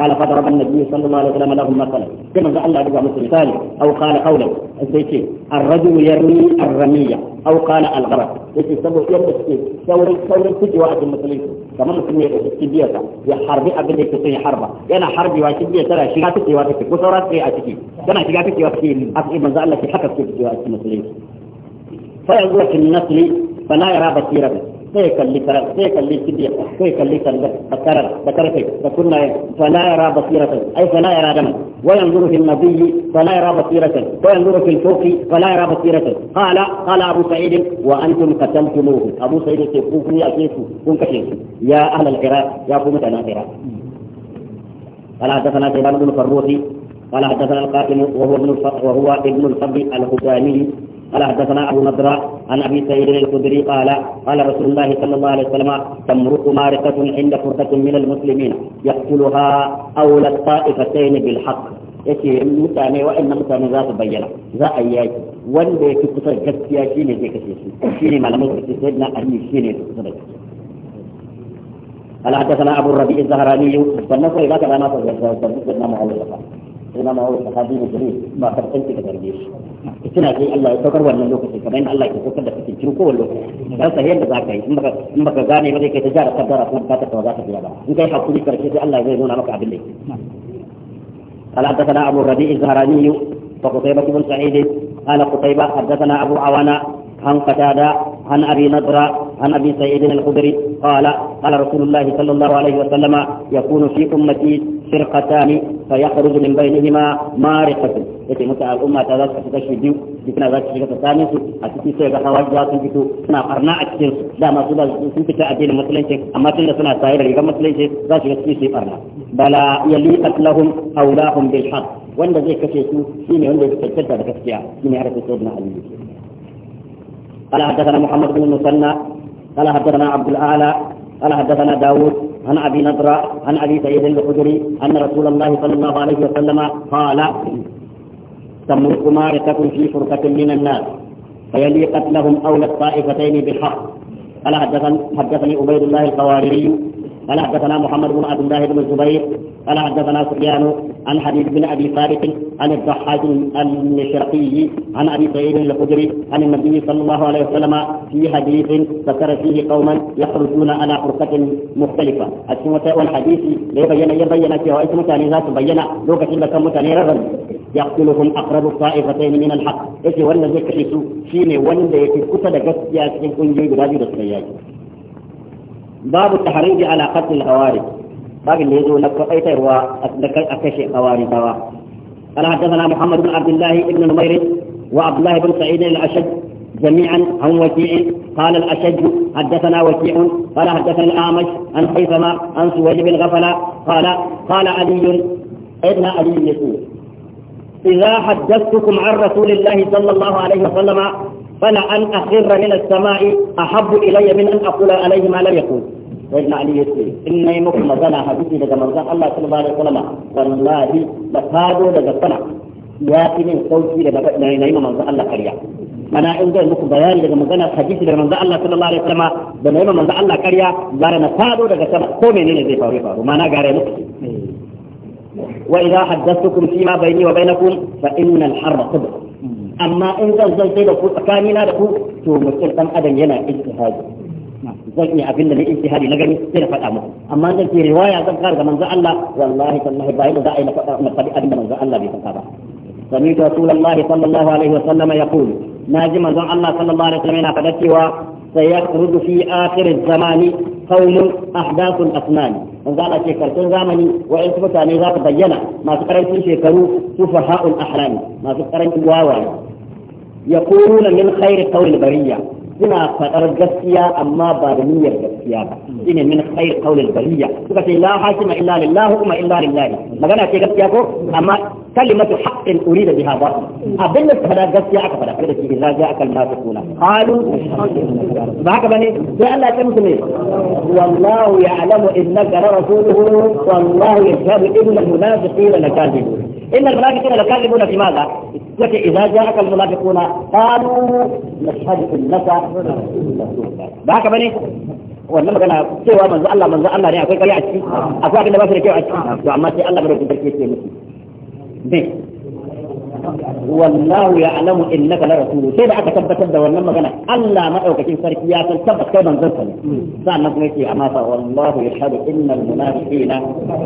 قال فضرب النبي صلى الله عليه وسلم لهم مثلا كما قال الله عز وجل ثاني أو قال قولا زي الرجل يرمي الرمية أو قال الغرض يتي سبب يبكي ثوري ثوري واحد من مثلين kamar mutum ya ɗauki kibiyarsa ya harbi abin da yake son ya harba yana harbewa kibiyar tana shiga fitewa take ko saura tsaye a ciki tana shiga fitewa take a cikin manzo Allah ke haka suke fitewa a cikin musulunci fa yanzu wa kin nasli fa la yara basiratan سيك اللي كرر سيك اللي كديه سيك اللي فكنا فلا يرى بصيرة أي فلا يرى دم وينظر في النبي فلا يرى بصيرة وينظر في الفوق فلا يرى بصيرة قال قال أبو سعيد وأنتم قتلتموه أبو سعيد سيقوفني أكيسو كن كشيس يا أهل العراق يا قومة العراق قال حدثنا جبال بن فروتي قال حدثنا القاتل وهو ابن وهو ابن الفضل الخزاني قال حدثنا أبو نضرة عن أبي سعيد الخدري قال قال رسول الله صلى الله عليه وسلم تمرق مارقة عند فرقة من المسلمين يقتلها أولى الطائفتين بالحق yace mutane وان mutane za su bayyana za a yi yaki wanda ya fi kusa gaskiya shine zai kashe su ابي malamai suka ce kusa da قال حدثنا ابو الربيع الزهراني والنصر اذا كان ناصر سيدنا معاويه imam Abu sahabi ne gare ba farkon ki ka zarge shi kina kai Allah ya saukar wannan lokaci kamar yadda Allah ya saukar da kake cikin kowane lokaci dan sai yadda zaka yi in baka in baka gane ba kai ta jara kaddara kuma ba ta tawa zaka biya ba in kai hakuri karshe sai Allah zai nuna maka abin da yake قال حدثنا أبو الربيع الزهراني وقتيبة بن سعيد قال قتيبة حدثنا أبو عوانة عن قتادة عن أبي نضرة عن ابي سعيد الخدري قال قال رسول الله صلى الله عليه وسلم يكون في امتي فرقتان فيخرج من بينهما مارقة يتي متى الأمة تذكر تتشي ديو لكنا ذكر شكرا ثاني سو أتتي سيغا خواج جاتي بيتو سنا قرناء اكتن سو ما سودا سنسي تتا أدين مسلين شك أما تنسى سنا سائر لغا مسلين شك ذكر سي سي قرناء بلا يليقت لهم أولاهم بالحق وان ذي كشي سو سيني هنده بكتشتا بكتشيا سيني عرف سيدنا علي قال حدثنا محمد بن المثنى قال حدثنا عبد الاعلى قال حدثنا داود عن ابي نضرة عن ابي سعيد الخدري ان رسول الله صلى الله عليه وسلم قال تملك مارقة في فرقة من الناس فيلي قتلهم اولى الطائفتين بالحق قال حدثني عبيد الله القواريري قال حدثنا محمد بن عبد الله بن الزبير قال حدثنا سفيان عن حبيب بن ابي ثابت عن الضحاك المشرقي عن ابي سعيد الخدري عن النبي صلى الله عليه وسلم في حديث ذكر فيه قوما يخرجون على فرقه مختلفه السنه والحديث يبين يبين cewa ita mutane za su bayyana lokacin da kan mutane rarrabe yaqtuluhum aqrabu ta'ifatayn min al-haqq yace wanda كتب kashe su shine wanda باب التحريج على قتل الخوارج باب اللي يزول لك أي kaitarwa a kashe قال حدثنا محمد بن عبد الله بن نمير وعبد الله بن سعيد الأشد جميعا عن وكيع قال الاشج حدثنا وكيع قال حدثنا الاعمش عن حيثما عن سويد بن غفله قال قال علي ابن علي يقول إذا حدثتكم عن رسول الله صلى الله عليه وسلم فلا أن أخر من السماء أحب إلي من أن أقول عليه ما لم يقول وإن علي يسلي إني مخمزنا حبيبي لك مرزان الله صلى الله عليه وسلم والله لفادو لجبنا ياتي من صوتي لبقنا ما مرزان الله قريا أنا إن جاي مكو بيان لك حديثي لك مرزان الله صلى الله عليه وسلم بنا إما الله قريا بارا نفادو لك سمع كومي نيني زي فاوري فارو مانا غاري مكتي وإذا حدثتكم فيما بيني وبينكم فإن الحرب صدق amma in zan zan sai da ku tsakanina da ku to mutum dan adam yana ijtihadi zan iya abin da na ijtihadi na gani sai na faɗa muku amma zan ce riwaya zan kar da manzo Allah wallahi tallahi ba yadda za a yi na faɗa na faɗi abin da manzo Allah bai faɗa ba sami ta rasulullah sallallahu alaihi wa sallama yaqul naji manzon Allah sallallahu alaihi wa sallam yana faɗa cewa sayakhruju fi akhir zamani qaumun ahdathul asnani manzo Allah ce karshen zamani wa in mutane za ta bayyana masu karancin shekaru sufaha'ul ahrami masu karancin wawaye يقولون من خير قول البرية suna faɗar gaskiya amma ba da niyyar gaskiya ba shine min khair qawl al baliya suka ce la hakima illa lillahi kuma illa lillahi magana ce gaskiya ko amma كلمة حق أريد بها باطل أبن فلا قصي أك فلا قد في الله جاءك المنافقون قالوا بعك بني كم سمي والله يعلم إنك لرسوله والله يشهد إن المنافقين لكاذبون إن المنافقين لكاذبون في ماذا؟ إذا جاءك المنافقون قالوا نشهد إنك بعك بني wannan magana cewa manzo Allah manzo Allah ne akwai ƙarya a ciki akwai abin da ba su da kyau a ciki to amma sai Allah madaukakin sarki ya ce musu ne wallahu ya'lamu innaka la rasulu sai da aka tabbatar da wannan magana Allah madaukakin sarki ya san tabbas kai manzon sa ne sannan kuma yake amma fa wallahu yashhadu innal munafiqina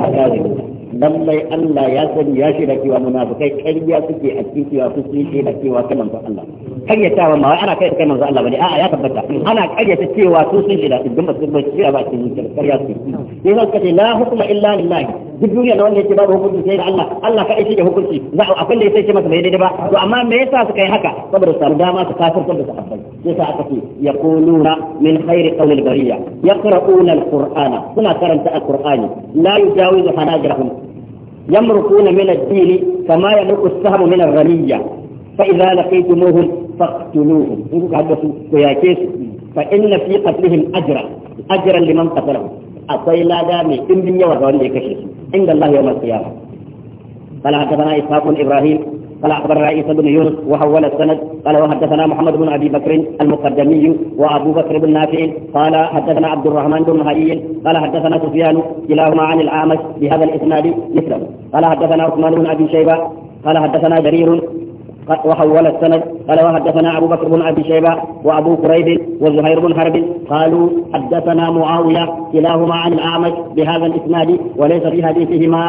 akadibun lallai Allah ya san ya shi da cewa munafikai ƙarya suke a cikin cewa su sun da cewa kai manzo Allah karyatawa ma ana kai kai manzo Allah bane a'a ya tabbata ana ta cewa su sun shaida su gamba su bai cewa ba cikin ƙarya su sai zan kace la hukuma illa lillahi duk duniya da wanda yake babu hukunci sai da Allah Allah kai shi da hukunci za a abin da yake masa bai daidai ba to amma me yasa suka yi haka saboda su samu dama su kafir da sai yasa aka ce yaquluna min khairi qawlil bariyya yaqra'una al-qur'ana suna karanta al-qur'ani la yujawizu hanajirahum يمرقون من الدين كما يمرق السهم من الرمية فإذا لقيتموهم فاقتلوهم فإن في قتلهم أجرا أجرا لمن قتلهم أقول لا دامي إن بي وغير عند الله يوم القيامة قال حدثنا إسحاق إبراهيم قال اخبرنا عيسى بن يونس وحول السند قال وحدثنا محمد بن ابي بكر المقدمي وابو بكر بن نافع قال حدثنا عبد الرحمن بن هاي قال حدثنا سفيان كلاهما عن الاعمش بهذا الاسناد مثله قال حدثنا عثمان بن ابي شيبه قال حدثنا جرير وحول السند قال وحدثنا ابو بكر بن ابي شيبه وابو كريب وزهير بن حرب قالوا حدثنا معاويه كلاهما عن الاعمش بهذا الاسناد وليس في حديثهما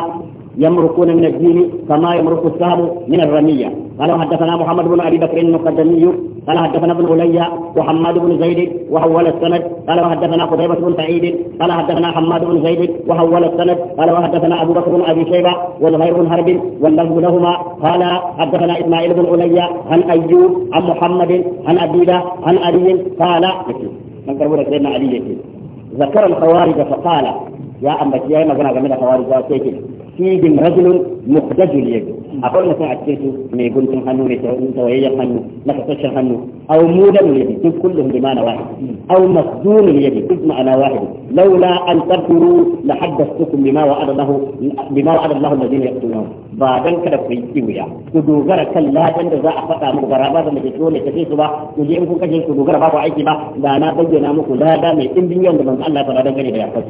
يمرقون من الدين كما يمرق السهم من الرمية قال حدثنا محمد بن ابي بكر المقدمي قال حدثنا ابن علي وحماد بن زيد وحول السند قال حدثنا قتيبة بن سعيد قال حدثنا حماد بن زيد وحول السند قال حدثنا ابو بكر بن ابي شيبه وزهير بن حرب واللفظ لهما قال حدثنا اسماعيل بن علي عن ايوب عن محمد عن عبيده عن علي قال من قبل سيدنا علي ذكر الخوارج فقال يا أمتي يا مغنى من الخوارج وكيكي فيهم رجل مخدج اليد أقول لك أكيد ما يقول كم خنو متوية خنو نكتش خنو أو مودا اليد كل كلهم بمعنى واحد أو مخدوم اليد كل معنى واحد لولا أن تذكروا لحدثتكم بما وعد الله بما وعد الله الذين يقتلون بعدين كده في كيويا كدوغرا كلا جند ذا أفتا مغرابا ذا مجدون يتكيس با نجي إنكم كجي كدوغرا عيكي با لا أنا بينا مكو لا دا من إنبيان لمن الله فلا دنجني بيحفظ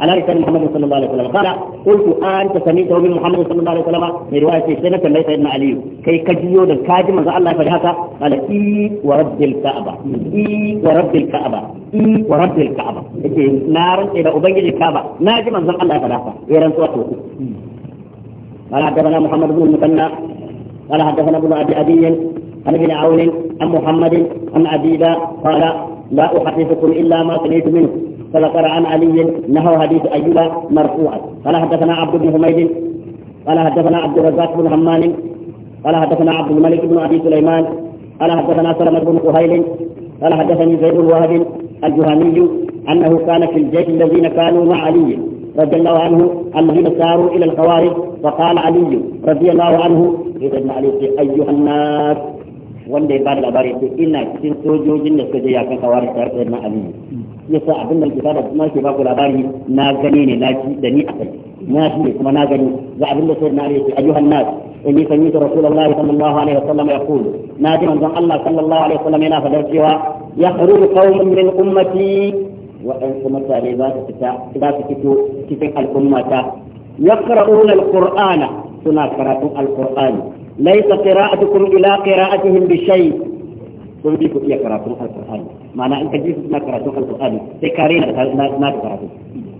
على لسان محمد صلى الله عليه وسلم قال قلت انت سميته من محمد صلى الله عليه وسلم من روايه سنه كما ابن علي كي كجيو ده من الله فدي هكا قال اي ورب الكعبه اي ورب الكعبه اي ورب الكعبه يجي إيه، نار الى ابي الكعبه ناجي من الله فدي هكا ان صوته قال حدثنا محمد بن المثنى قال حدثنا ابن ابي ابي عن ابن عون عن محمد عن عبيده قال لا أحدثكم إلا ما سمعت منه فذكر عن علي نحو حديث أيوب مرفوعا قال حدثنا عبد بن حميد قال حدثنا عبد الرزاق بن همام قال حدثنا عبد الملك بن أبي سليمان قال حدثنا سلمة بن قهيل قال حدثني زيد بن وهب الجهني أنه كان في الجيش الذين كانوا مع علي رضي الله عنه الذين ساروا إلى الخوارج فقال علي رضي الله عنه سيدنا أيها الناس wanda ya bada labari ce ina cikin sojojin da suka je yakan kawari tare da na aliyu sa abin da ke bada kuma ke ba ku labari na gani ne na ci da ni a kai na ci ne kuma na gani ga abin da sai na aliyu ce ayyuhan nas inni sami'tu rasulullahi sallallahu alaihi wasallam yaqul na ji manzon Allah sallallahu alaihi wasallam yana fadar cewa yakhruju qawmun min ummati wa an kuma tare ba ta fita ba ta fito cikin al'umma al'ummata yaqra'una al-qur'ana suna karatun al-qur'ani ليس قراءتكم الى قراءتهم بشيء تريدك يا قراءتكم القران معنى انك جئت ما قراءتك القران تكارين ما قراءتك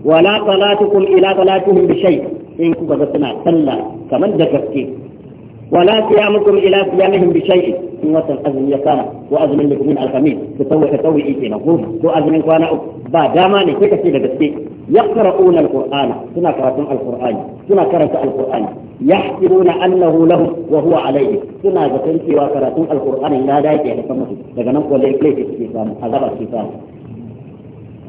ولا صلاتكم الى صلاتهم بشيء ان كنت تنا صلى ذكرت ولا صيامكم الى قيامهم بشيء ان وصل اذن يسانا واذن لكم من الخميس تسوي تسوي ايتي نقوم تو اذن كوانا با داماني كيف تسيب دستي يقرؤون القران سنا قراتون القران سنا قرات القران يحسبون انه لهم وهو عليه سنا زكنتي وقراتون القران لا دايتي لكم لكن نقول لك ليس في سام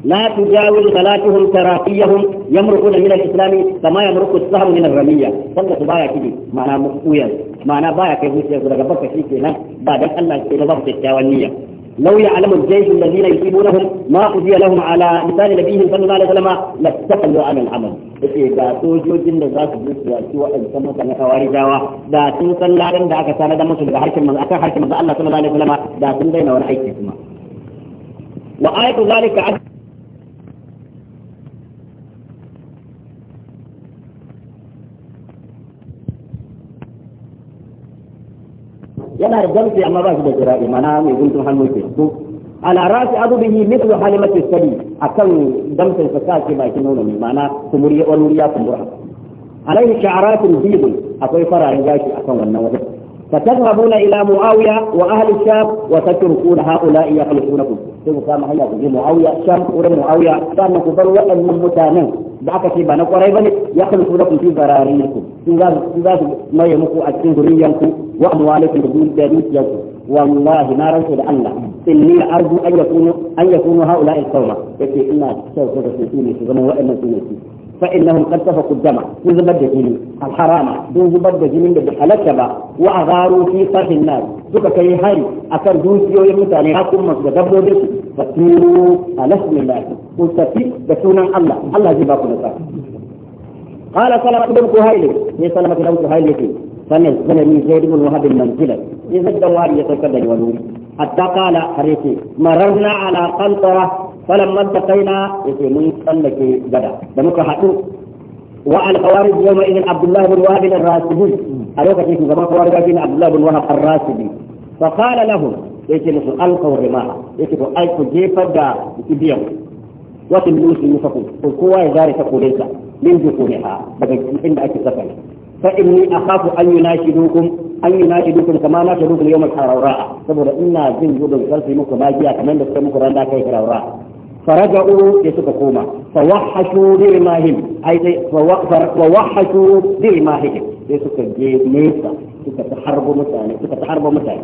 لا تجاوز صلاتهم تراقيهم يمرقون من الاسلام كما يمرق السهم من الرميه صلى بايا كده معناها مقويا معناها بايا كده يقول لك بك في كده بعد ان الله كده ضبط التاوانيه لو يعلم الجيش الذين يصيبونهم ما قضي لهم على مثال نبيهم صلى الله عليه وسلم لاستقلوا عن العمل yake da sojojin da za su je ان yaki waɗansu masa جاوا kawari dawa da sun san ladan da aka sanar da musu daga harkin manzo akan harkin manzo Allah sallallahu alaihi wasallam وآية ذلك عدد yana da damfi amma ba shi da jira'i mana mai guntun hannu ke ko ala rasi abu bihi mithlu halimati sadi akan damfin sa sake bakin nono mai mana kumuriya wani wuriya kumura alaihi sha'aratun bidun akwai fararen gashi akan wannan wajen فتذهبون الى معاويه واهل الشام وتتركون هؤلاء يخلفونكم sai ku kama hanya ku je Muawiya Sham wurin Muawiya sannan ku bar waɗannan mutanen da aka ce ba na kwarai bane ya kan su da ku fi barari ku sun za su maye muku a cikin zuriyan ku واموالك بدون بهذه يوم والله ما رسول الله اني ارجو ان يكون ان يكون هؤلاء القوم يكفي ان سوف تسيئوني في زمن وان سيئوني فانهم قد تفقوا الدم وزبدتهم الحرام وزبدتهم من الحلكبة واغاروا في صرح الناس سوف كي هاري اكر دوسي ويمتاني هاكم مصدقبوا بيسي فتيروا على اسم الله وستفيد بسونا الله الله جباكم نصر قال سلامة بن قهيلي يا سلامة بن قهيلي sanin sanani zai rubin wahabin manzila ya zai da wari ya saukar da wani wuri hatta kala har ce mararna ala kantara falan manta kaina ya ce mun tsallake gada da muka haɗu wa alkawarin yau ma idin abdullahi bin wahab bin rasidi a lokacin shugaban kawarin gafi na abdullahi bin wahab rasidi fa kala lahu ya ce musu alkawar rima ya ce ko ai ku jefar da ibiyan wata milusi musa ku kowa ya zare ta kodinsa min jikuniha daga inda ake safari فإني أخاف أن يناشدوكم أن يناشدوكم كما ناشدوكم اليوم الحروراء سبب إنا زين جود karfi muku magiya kamar da suka muku ran da kai haraura فرجعوا فوحشوا برماهم أي فوحشوا برماهم يسوك جيد نيسا سك تحرب متاني سك تحرب متاني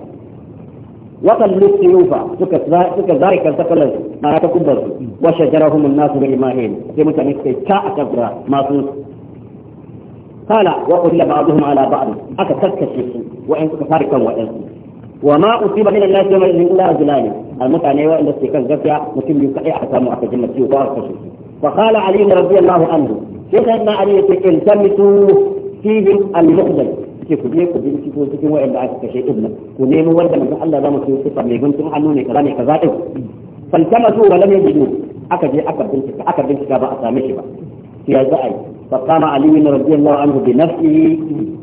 وطل السيوف سك سك ذلك الزكلا ما راتكم تكبر وشجرهم الناس برماهم في متاني سك ما سوك قال وقل بعضهم على بعض حتى تكتشف وان تفارقا وان وما اصيب من الناس يوم الا رجلان المتعني وان التي كان غزيا مسلم يقعي حتى معتزم السيوف فقال علي رضي الله عنه كيف ان علي التمسوا فيهم المخزن كيف يكون كيف يكون كيف يكون وين بعد شيء ابنه ونيم ورد من الله لا مسوي قصة من يقول ثم علوني كلامي كذائب فالتمسوا ولم يجدوا أكد أكد بنتك أكد بنتك بقى سامشبا في هذا فقام علي رضي الله عنه بنفسه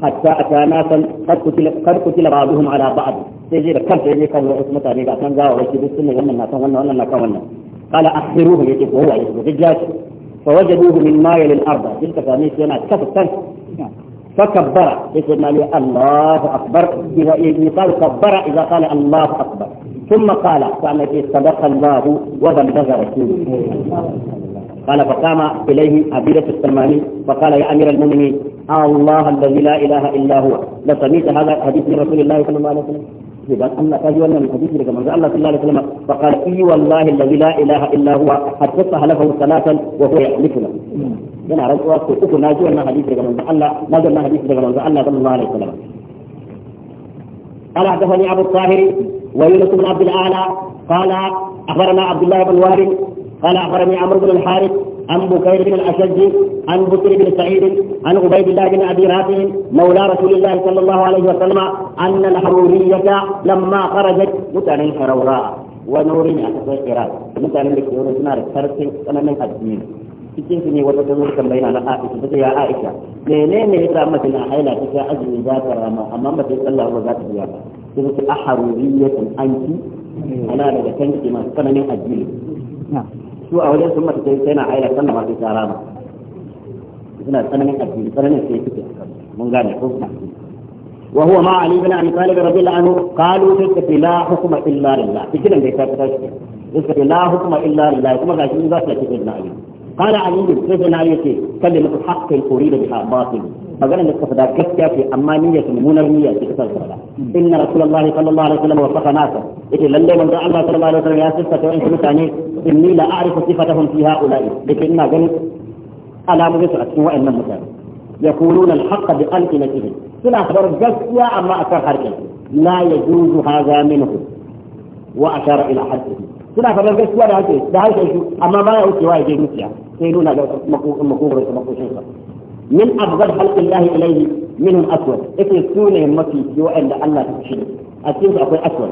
حتى أتى ناسا قد قتل قد قتل بعضهم على بعض سيجي كم سيجي كم واسمه ثاني بعد كان جاء ويجي بالسنة ومن ناسا ومن ومن ناسا ومن قال اخبروه يجي هو يجي بالجاش فوجدوه من ماي للارض تلك فانيس كف كفت فكبر يقول مالي الله أكبر يقال كبر إذا قال الله أكبر ثم قال فأنا صدق الله وبلغ رسوله قال فقام إليه عبيدة السلماني فقال يا أمير المؤمنين آه الله الذي لا إله إلا هو لسميت هذا الحديث من رسول الله صلى الله عليه وسلم إذا قال الله من حديث لك من الله صلى الله عليه وسلم فقال إي والله الذي لا إله إلا هو قد قطع له ثلاثا وهو يحلفنا yana rantsuwa ko uku na ji wannan hadisi daga manzo Allah na ji wannan من daga manzo Allah sallallahu alaihi قال حدثني ابو الطاهر ويونس بن عبد الاعلى قال اخبرنا عبد الله بن وارد قال اخبرني عمرو بن الحارث عن بكير بن الاشج عن بكر بن سعيد عن عبيد الله بن ابي رافع مولى رسول الله صلى الله عليه وسلم ان الحروريه لما خرجت متعن حروراء ونورين على العراق متعن بكير سنار فرسين سنن الدين cikin su ne wata ta zo tambayi na Aisha ta ya Aisha menene ya sa mace na haila ta ta azumi za ta rama amma ba ta sallah ba za ta biya ba sai ta aharuriyatun anki ana daga kan kima sananin addini su a wajen sun mata sai na aila sannan masu tsara ba suna tsananin addini tsananin sai suke mun gane ko suna وهو مع علي بن ابي طالب رضي الله عنه قالوا تلك لا حكم الا لله في كده بيتا تلك لا حكم الا لله كما قال في ذات قال علي ابي علي كلمه الحق اريد بها باطل فقال لك فدا كتيا في أمانية من المية في كتاب إن رسول الله صلى الله عليه وسلم وفق ناسا إذا لن لي الله صلى الله عليه وسلم ياسر فتوين سنة ثانية يعني إني لا أعرف صفتهم في هؤلاء لكن ما قلت على مجلس أسنوع المهتم يقولون الحق بقلق نتيجة سنة أخبر يا أما أكثر حركة لا يجوز هذا منه وأشار إلى حده سنة أخبر جسيا لا أما ما يجوز واجه مثلا سيدون هذا مقوم رئيس مقوم شيخ من أفضل خلق الله إليه منهم أسود إكل سونة مكي سوى أن الله تشهد أسود أقول أسود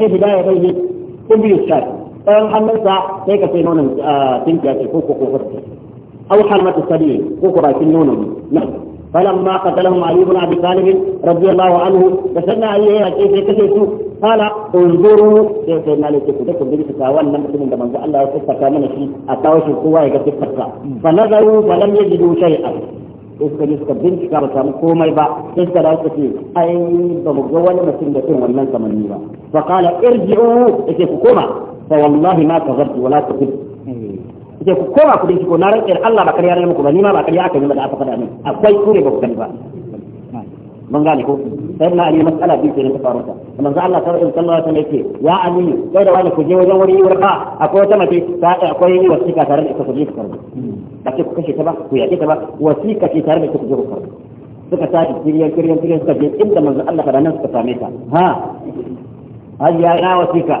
إهدا يديه أبي الشاك أو حمد ساعه هيك في نون آه، تنكي كوكو كوكو أو حرمة السبيل وقرأ في النون نعم فلما قتلهم علي بن ابي طالب رضي الله عنه دخلنا عليه كيف كيف قال انظروا كيف سيدنا علي كيف تكون بنت كاوان لم تكن من الله يكفك من شيء اتاوش القوه يكفك فنظروا فلم يجدوا شيئا suka ji suka bincika ba samu komai ba sai suka dawo suka ce ai ba mu ga wani mutum da irin wannan kamanni ba fa qala irji'u yake ku koma fa wallahi ma kazabtu wala tukib yake ku koma ku binciko na ran Allah ba kariya ne muku ba ni ma ba kariya aka yi ba da aka faɗa min akwai kure ba ku ba من ذلك فإنها هذه مسألة في سنة فارسة فمن جعل الله صلى الله عليه وسلم يا علي كيف وانا كجي وجن وري ورقاء أقول تمتي سائع قويني وسيكا ترى لك تخجي في كرم لكي تكشي تبا ويأتي تبا وسيكا ترى لك تخجي في كرم سكا ساجي تريان تريان تريان سكا جين إنت من جعل الله فلا نمسك فاميسا ها هل يا إنا وسيكا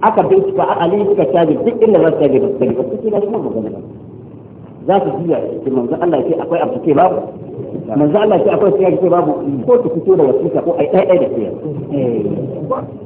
aka bincika a ali suka caji duk inda za su caji ba su caji ba su ce ba su magana za su jiya ce manzo Allah ce akwai abu ce babu manzo Allah ce akwai sai ce babu ko ta fito da wasiƙa ko ai dai dai da ke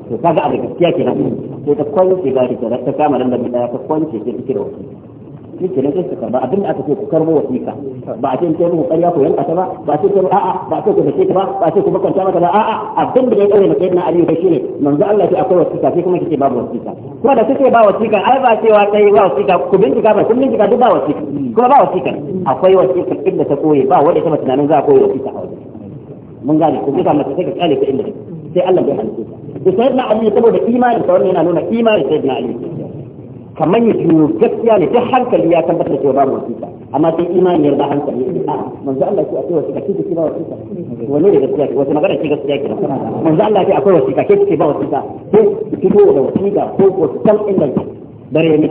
to kaga abu gaskiya kenan sai ta kwance ga ta ta kama nan da ta kwance ta fito da wasiƙa shi ke sai su karba abin da aka ce ku karbo wasiƙa ba a ce in kai muku ƙarya ku yanka ta ba ba a ce ku a'a ba a ce ku sake ta ba ba a ce ku bakanta mata ba a'a abin da ya ƙaure na sayyidina Ali kai shine manzo Allah ce akwai wasiƙa sai kuma kike babu wasiƙa kuma da kike ba wasiƙa ai ba cewa kai ba wasiƙa ku bincika ba kun bincika duk ba wasiƙa kuma ba wasiƙa akwai wasiƙa inda ta koye ba wanda kuma tunanin za a koye wasiƙa a wajen mun gane ku bisa mata sai ka kyale ka inda sai Allah bai halitta da sayyidina Ali saboda imani ta wannan yana nuna imani sayyidina Ali kamar ya juyo gaskiya ne ta hankali ya tabbatar cewa babu wasiƙa amma sai imani ya ba hankali ya a manzo Allah ce akwai wasiƙa kike ce ba wasiƙa wani da gaskiya ce wata magana ce gaskiya ke manzo Allah ce akwai wasiƙa ke ce ba wasiƙa ko fito da wasiƙa ko ko san inda dare ne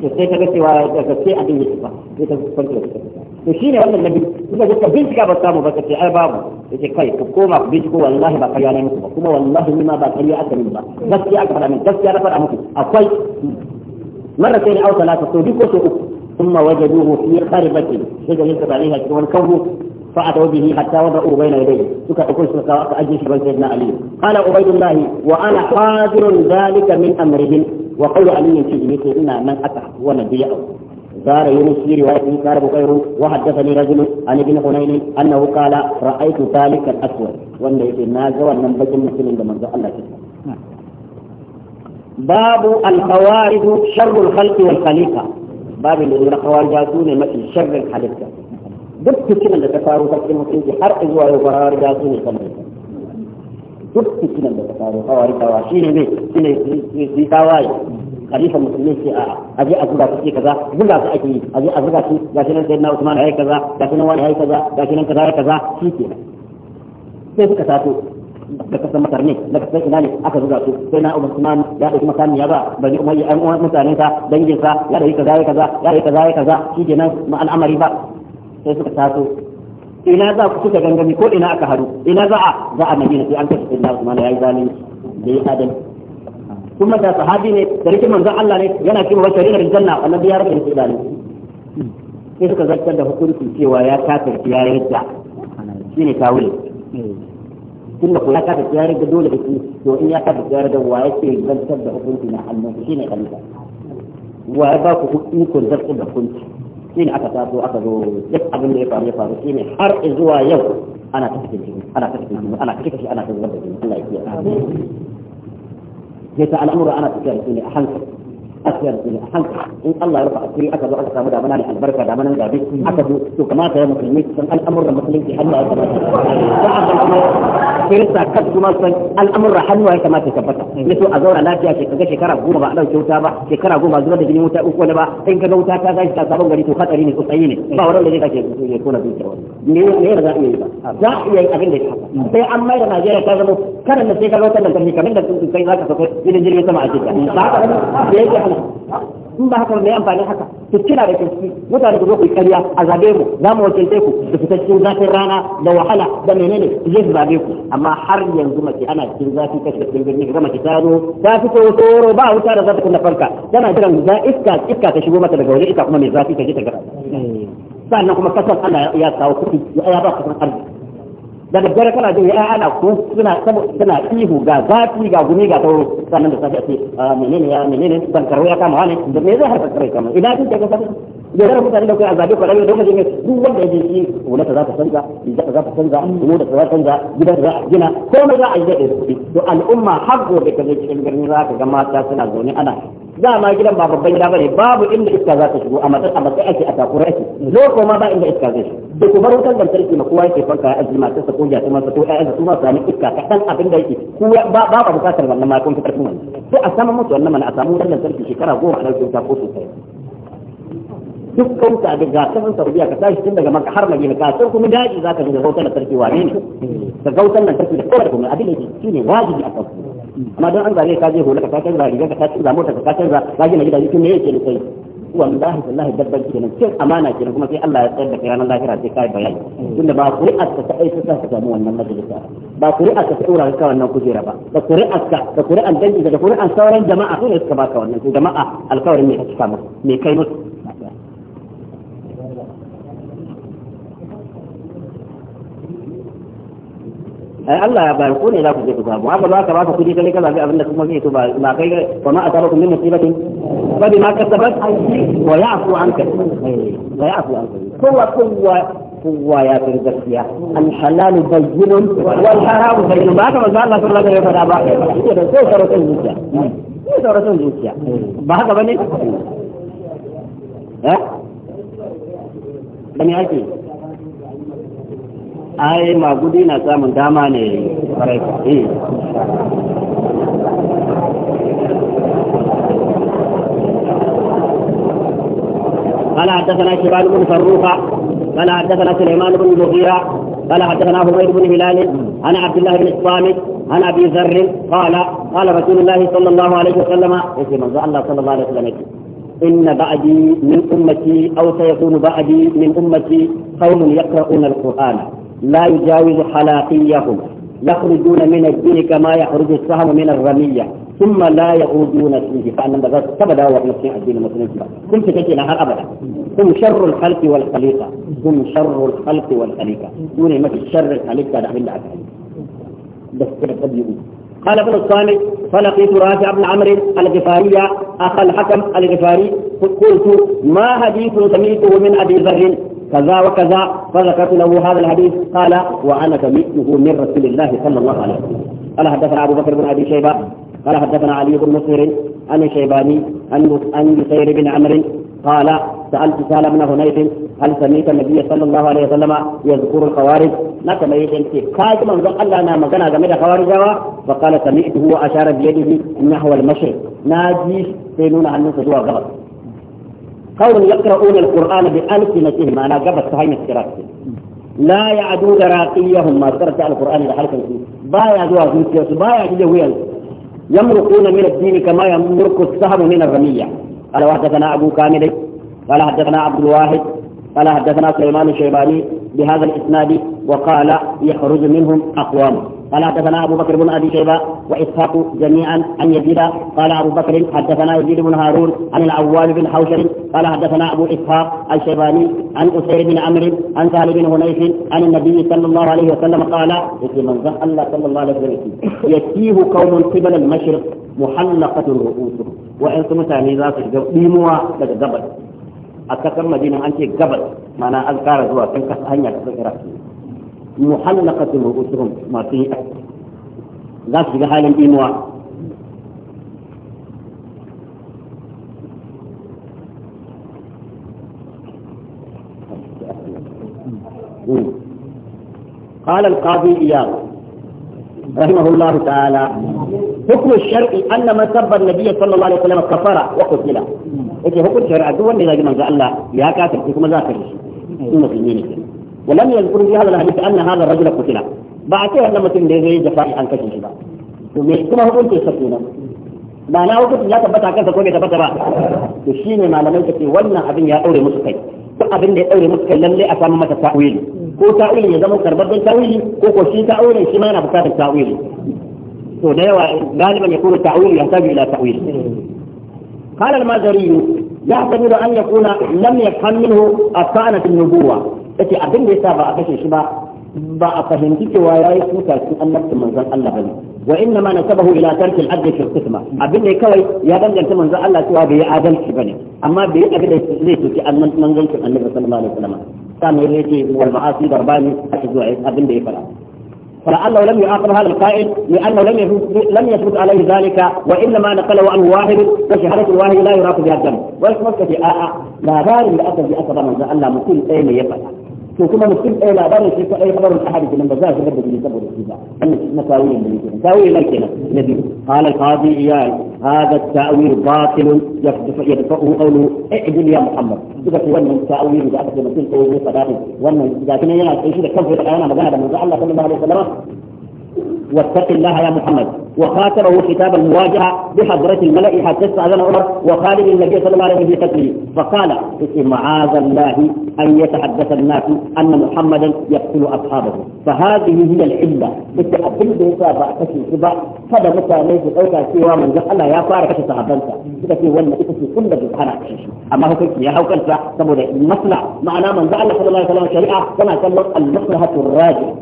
to sai kaga cewa da gaske abin yake ba sai ka kwanta da to shine wannan nabi kuma da bincika ba samu ba kace ai babu yace kai ku koma ku binciko wallahi ba kariya ne muku ba kuma wallahi ni ma ba kariya aka min ba gaskiya aka fara min gaskiya na fara muku akwai مرتين أو ثلاثة صدق ثم وجدوه في خربته إذا يكتب عليها تكون كوه فأتوا به حتى وضعوا بين يديه فكأكل كأجل سيدنا علي قال عبيد الله وأنا حاضر ذلك من أمرهم وقول علي في مثل إن من أتى او زار يونس في روايه زار بخير وحدثني رجل عن ابن حنين انه قال رايت ذلك الاسود وان يتنازع وان بجن مسلم لمن الله كتاب باب الخوارج شر الخلق والخليقة باب اللي الخوارج سوني مثل شر الخليقة duk fitinan da ta faru ta cikin mutunci har zuwa yau ba har da su ne kamar duk fitinan da ta faru kawai kawa shi ne ne shi ne shi tawaye khalifa musulmi ce a aje a zuba suke kaza zuba su ake yi aje a zuba su gashi nan sayyidina Usman ya kaza gashi nan wani ya kaza gashi nan kaza ya kaza shi ke sai suka tato da kasan masar ne da kasan ina ne aka zuga su sai na umar sunan ya dauki makami ya ba bani umayya an uwan mutanen sa dangin sa ya dauki kaza ya kaza ya dauki kaza ya kaza shi nan ma al'amari ba sai suka taso ina za ku suka gangami ko ina aka haru ina za a za a madina sai an kashe sai na usman ya yi zalunci da ya adam kuma da sahabi ne da rikin manzon Allah ne yana cewa wa shari'ar janna annabi ya rubuta idanu sai suka zartar da hukunci cewa ya kafirci ya yarda shine tawili eh. tunda ko ya kafa ya riga dole da shi to in ya kafa ya riga wa yake zantar da hukunci na annabi shine khalifa wa ya ba ku ikon zartar da hukunci shine aka taso aka zo duk abin da ya faru ya faru shine har zuwa yau ana ta cikin jini ana ta cikin jini ana ta cikin shi ana ta zubar da jini Allah ya kiyaye sai ta al'amura ana tafiya da shi ne a hankali أكثر من حلقة إن الله يرفع السري أكثر وأكثر مدى منال البركة دى منال جابي أكثر كما ترى مسلمين الأمر مسلمين في حلوة kirista kan kuma san al'amuran hannuwa ya kamata tabbata ya so a zaura lafiya shekara shekara goma ba a ɗauke wuta ba shekara goma zuwa da jini wuta uku wani ba in ka ga wuta ta tashi ta sabon gari to hatsari ne tsayi ne ba wanda zai kashe ya kona zuciya wani me ne za a iya yi ba za a iya yi abin da ya sai an mai da Najeriya ta zama karan da sai ka ga wutar lantarki kamar da kai za ka sako gidan jirgin sama a cikin ba haka ne da yake in ba haka mai amfani haka ku kira da kiski mutane ku zo ku yi karya a zabe mu za mu wakilce ku da fita cikin zafin rana da wahala da menene ku je zabe ku amma har yanzu mace ana cikin zafi kashe cikin birni ga mace ta zo ta fito tsoro ba wuta da za ta kunna farka tana jiran za iska iska ta shigo mata daga waje iska kuma mai zafi ta je ta gara sannan kuma kasan Allah ya kawo kuɗi ya ba kasan arziki da daddare kana jin ya ana ko suna suna ihu ga zafi ga gumi ga tauro sannan da safi a ce menene ya menene ban karo ya kama wani da me zai harkar kare kama ina kin ka safi da yaran mutane da kai a zabe kwarai da mutum duk wanda ya je shi wala ta za ta canza idan ta za ta canza mu da ta canza gidan za a gina ko ma za a yi da kuɗi to al'umma har gobe ka je cikin birni za ka ga mata suna zaune ana za ma gidan ba babban gida bane babu inda iska za ta shigo a matsayin ake a takura ake lokoma ba inda iska zai shigo da ku bar wutar lantarki ma kowa yake fanka ya aji matarsa ko jata masa ko ƴaƴansa su ma sami iska kaɗan abin da yake kowa ba ba ka bukatar wannan ma kun fi ƙarfin wannan sai a samu musu wannan mana a samu wutar lantarki shekara goma a ɗauke ta ko sosai duk kauta da gasar Saudiya ka tashi tun daga Makka har Madina ka san kuma daji zaka ji da kautar lantarki wane ne ka kautar lantarki da kowa da kuma abin da yake shine wajibi a kanku amma don an zare ka je hola ka ka canza riga ka ka canza mota ka ka canza ka gina gidaje kin ne yake da kai wallahi wallahi dabban kenan cin amana kenan kuma sai Allah ya tsayar da kai ranar lahira sai kai bayani tunda ba kuri'ar ka kai ta ka samu wannan majalisa ba kuri'ar ka tsora ka wannan kujera ba da kuri'ar ka da kuri'ar dangi da kuri'ar sauran jama'a sun suka baka wannan jama'a alkawarin ne ka cika musu me kai musu ai Allah ya bayar ko ne za ku je ku samu haka za ka baka kuɗi kai ka zabi abinda kuma zai to ba ba kai wa ma asaba kun min musibatin fa bima kasabat wa ya'fu anka wa ya'fu anka kowa kowa kowa ya san gaskiya al-halal bayyinun wal haram bayyinun ba ka manzo Allah sallallahu alaihi wasallam ba ke da sai sauraron zuciya sai sauraron zuciya ba haka bane eh dan yake ai magudi na samun dama ne eh. قال حدثنا شبال بن فروخة قال حدثنا سليمان بن مغيرة قال حدثنا هرير بن هلال عن عبد الله بن الصامت عن ابي ذر قال قال رسول الله صلى الله عليه وسلم اسم إيه الله صلى الله عليه وسلم إن بعدي من أمتي أو سيكون بعدي من أمتي قوم يقرؤون القرآن لا يجاوز حلاقيهم يخرجون من الدين كما يخرج السهم من الرمية ثم لا يعودون فيه فأنا بغض تبدا وقنصين الدين المسلم كنت تكينا هر أبدا هم شر الخلق والخليقة هم شر الخلق والخليقة دون ما في شر الخليقة من الله بس كده تبيئون قال ابن الصامت فلقيت رافع بن عمرو الغفاري اخ الحكم الغفاري قلت ما حديث سميته من ابي ذر كذا وكذا فذكرت له هذا الحديث قال وانا سمعته من رسول الله صلى الله عليه وسلم قال حدثنا ابو بكر بن ابي شيبه قال حدثنا علي بن نصير عن الشيباني عن عن بسير بن عمرو قال سألت سال بن هنيف هل سمعت النبي صلى الله عليه وسلم يذكر الخوارج ما كما انت كايت من ذو الله أنا مغنى جميل خوارج فقال سمعته وأشار بيده نحو المشرق ناجي سينون عن نصدوها غلط قول يقرؤون القرآن بألسنتهم أنا قبل تهيم الشراكة لا يعدون راقيهم ما ترجع القرآن إلى حلقة القرآن با يعدوها في السياسة با يعدوها يمرقون من الدين كما يمرق السهم من الرمية قال وحدثنا أبو كامل قال حدثنا عبد الواحد قال حدثنا سليمان الشيباني بهذا الاسناد وقال يخرج منهم اقوام قال حدثنا ابو بكر بن ابي شيبه واسحاق جميعا عن يزيد قال ابو بكر حدثنا يزيد بن هارون عن العوام بن حوشر قال حدثنا ابو اسحاق الشيباني عن اسير بن عمرو عن سهل بن هنيف عن النبي صلى الله عليه وسلم قال في من الله صلى الله عليه وسلم يتيه قوم قبل المشرق محلقه رؤوسهم وان ثاني ذاك الجو ديموا a kasar madina an ce gabas mana an kara zuwa kan kasa hanya kasar iraq muhallaqatul rubutuhum masu yi za su ga halin imuwa قال القاضي إياه رحمه الله تعالى حكم الشرع ان ما سب النبي صلى الله عليه وسلم كفر وقتل اذا حكم الشرع دون الله من الله يا كاتب كما ذاكر ولم يذكر في هذا الحديث ان هذا الرجل قتل بعدها لما تندي زي دفاع عن كشف الباب ثم يحكم حكم تسكينا ما انا وقت لا تبت عن كذا كوني تبت راح تشيني ما لم يكفي ولنا ابن يا اوري مسكي ابن يا اوري مسكي لم يكن متى تاويل كو تاويل يزمو كربت تاويل كو كو شي تاويل شي ما انا بكاتب ي ودايوا غالبا يكون التأويل يحتاج إلى تأويل قال المازري يعتبر أن يكون لم يفهم منه الطعنة النبوة التي أبن ليس بأكش شبا بأفهمتك وياي سوكا أنك منزل الله بني وإنما نسبه إلى ترك العدل في القسمة أبن لي كوي يا بن أنت منزل الله سوى بي آدم بني أما بي أبن ليس أن منزل النبي صلى الله عليه وسلم كان يريد والمعاصي ضرباني أشد أبن لي فلا فلعله لم يعاقب هذا القائل لانه لم يثبت لم يفوت عليه ذلك وانما نقله عنه واحد وشهاده الواحد لا يراق بها الدم ويش في آه لا بارد لاسف لاسف من الله مكون اين يفعل to kuma mutum ɗaya labarin shi kaɗai kabarin ahadi kenan ba za a zubar da jini saboda shi ba wannan na tawilin da yake tawilin nan kenan na biyu qala al-qadi iyal hada at-ta'wil batil yadfa'u qawlu i'dil ya muhammad duka ko wannan ta'wil da aka ce mutum ko ya faɗa wannan gashi nan yana tsaye shi da kansa da yana magana da manzo Allah sallallahu alaihi wasallam واتق الله يا محمد وخاتمه كتاب المواجهة بحضرة الملأ حتى استأذن عمر وخالد النبي صلى الله عليه وسلم بقتله فقال معاذ الله أن يتحدث الناس أن محمدا يقتل أصحابه فهذه هي العلة بالتقبل بيسا بعثة الكبا فدا متى ليس أوكا سوى من ذا الله يا فارقة تتحدثا إذا في ولا إذا في كل ذي حنا أما هو كيف يا هو كنت سبب معنى من ذا الله صلى الله عليه وسلم شريعة كما كان المصلحة الراجحة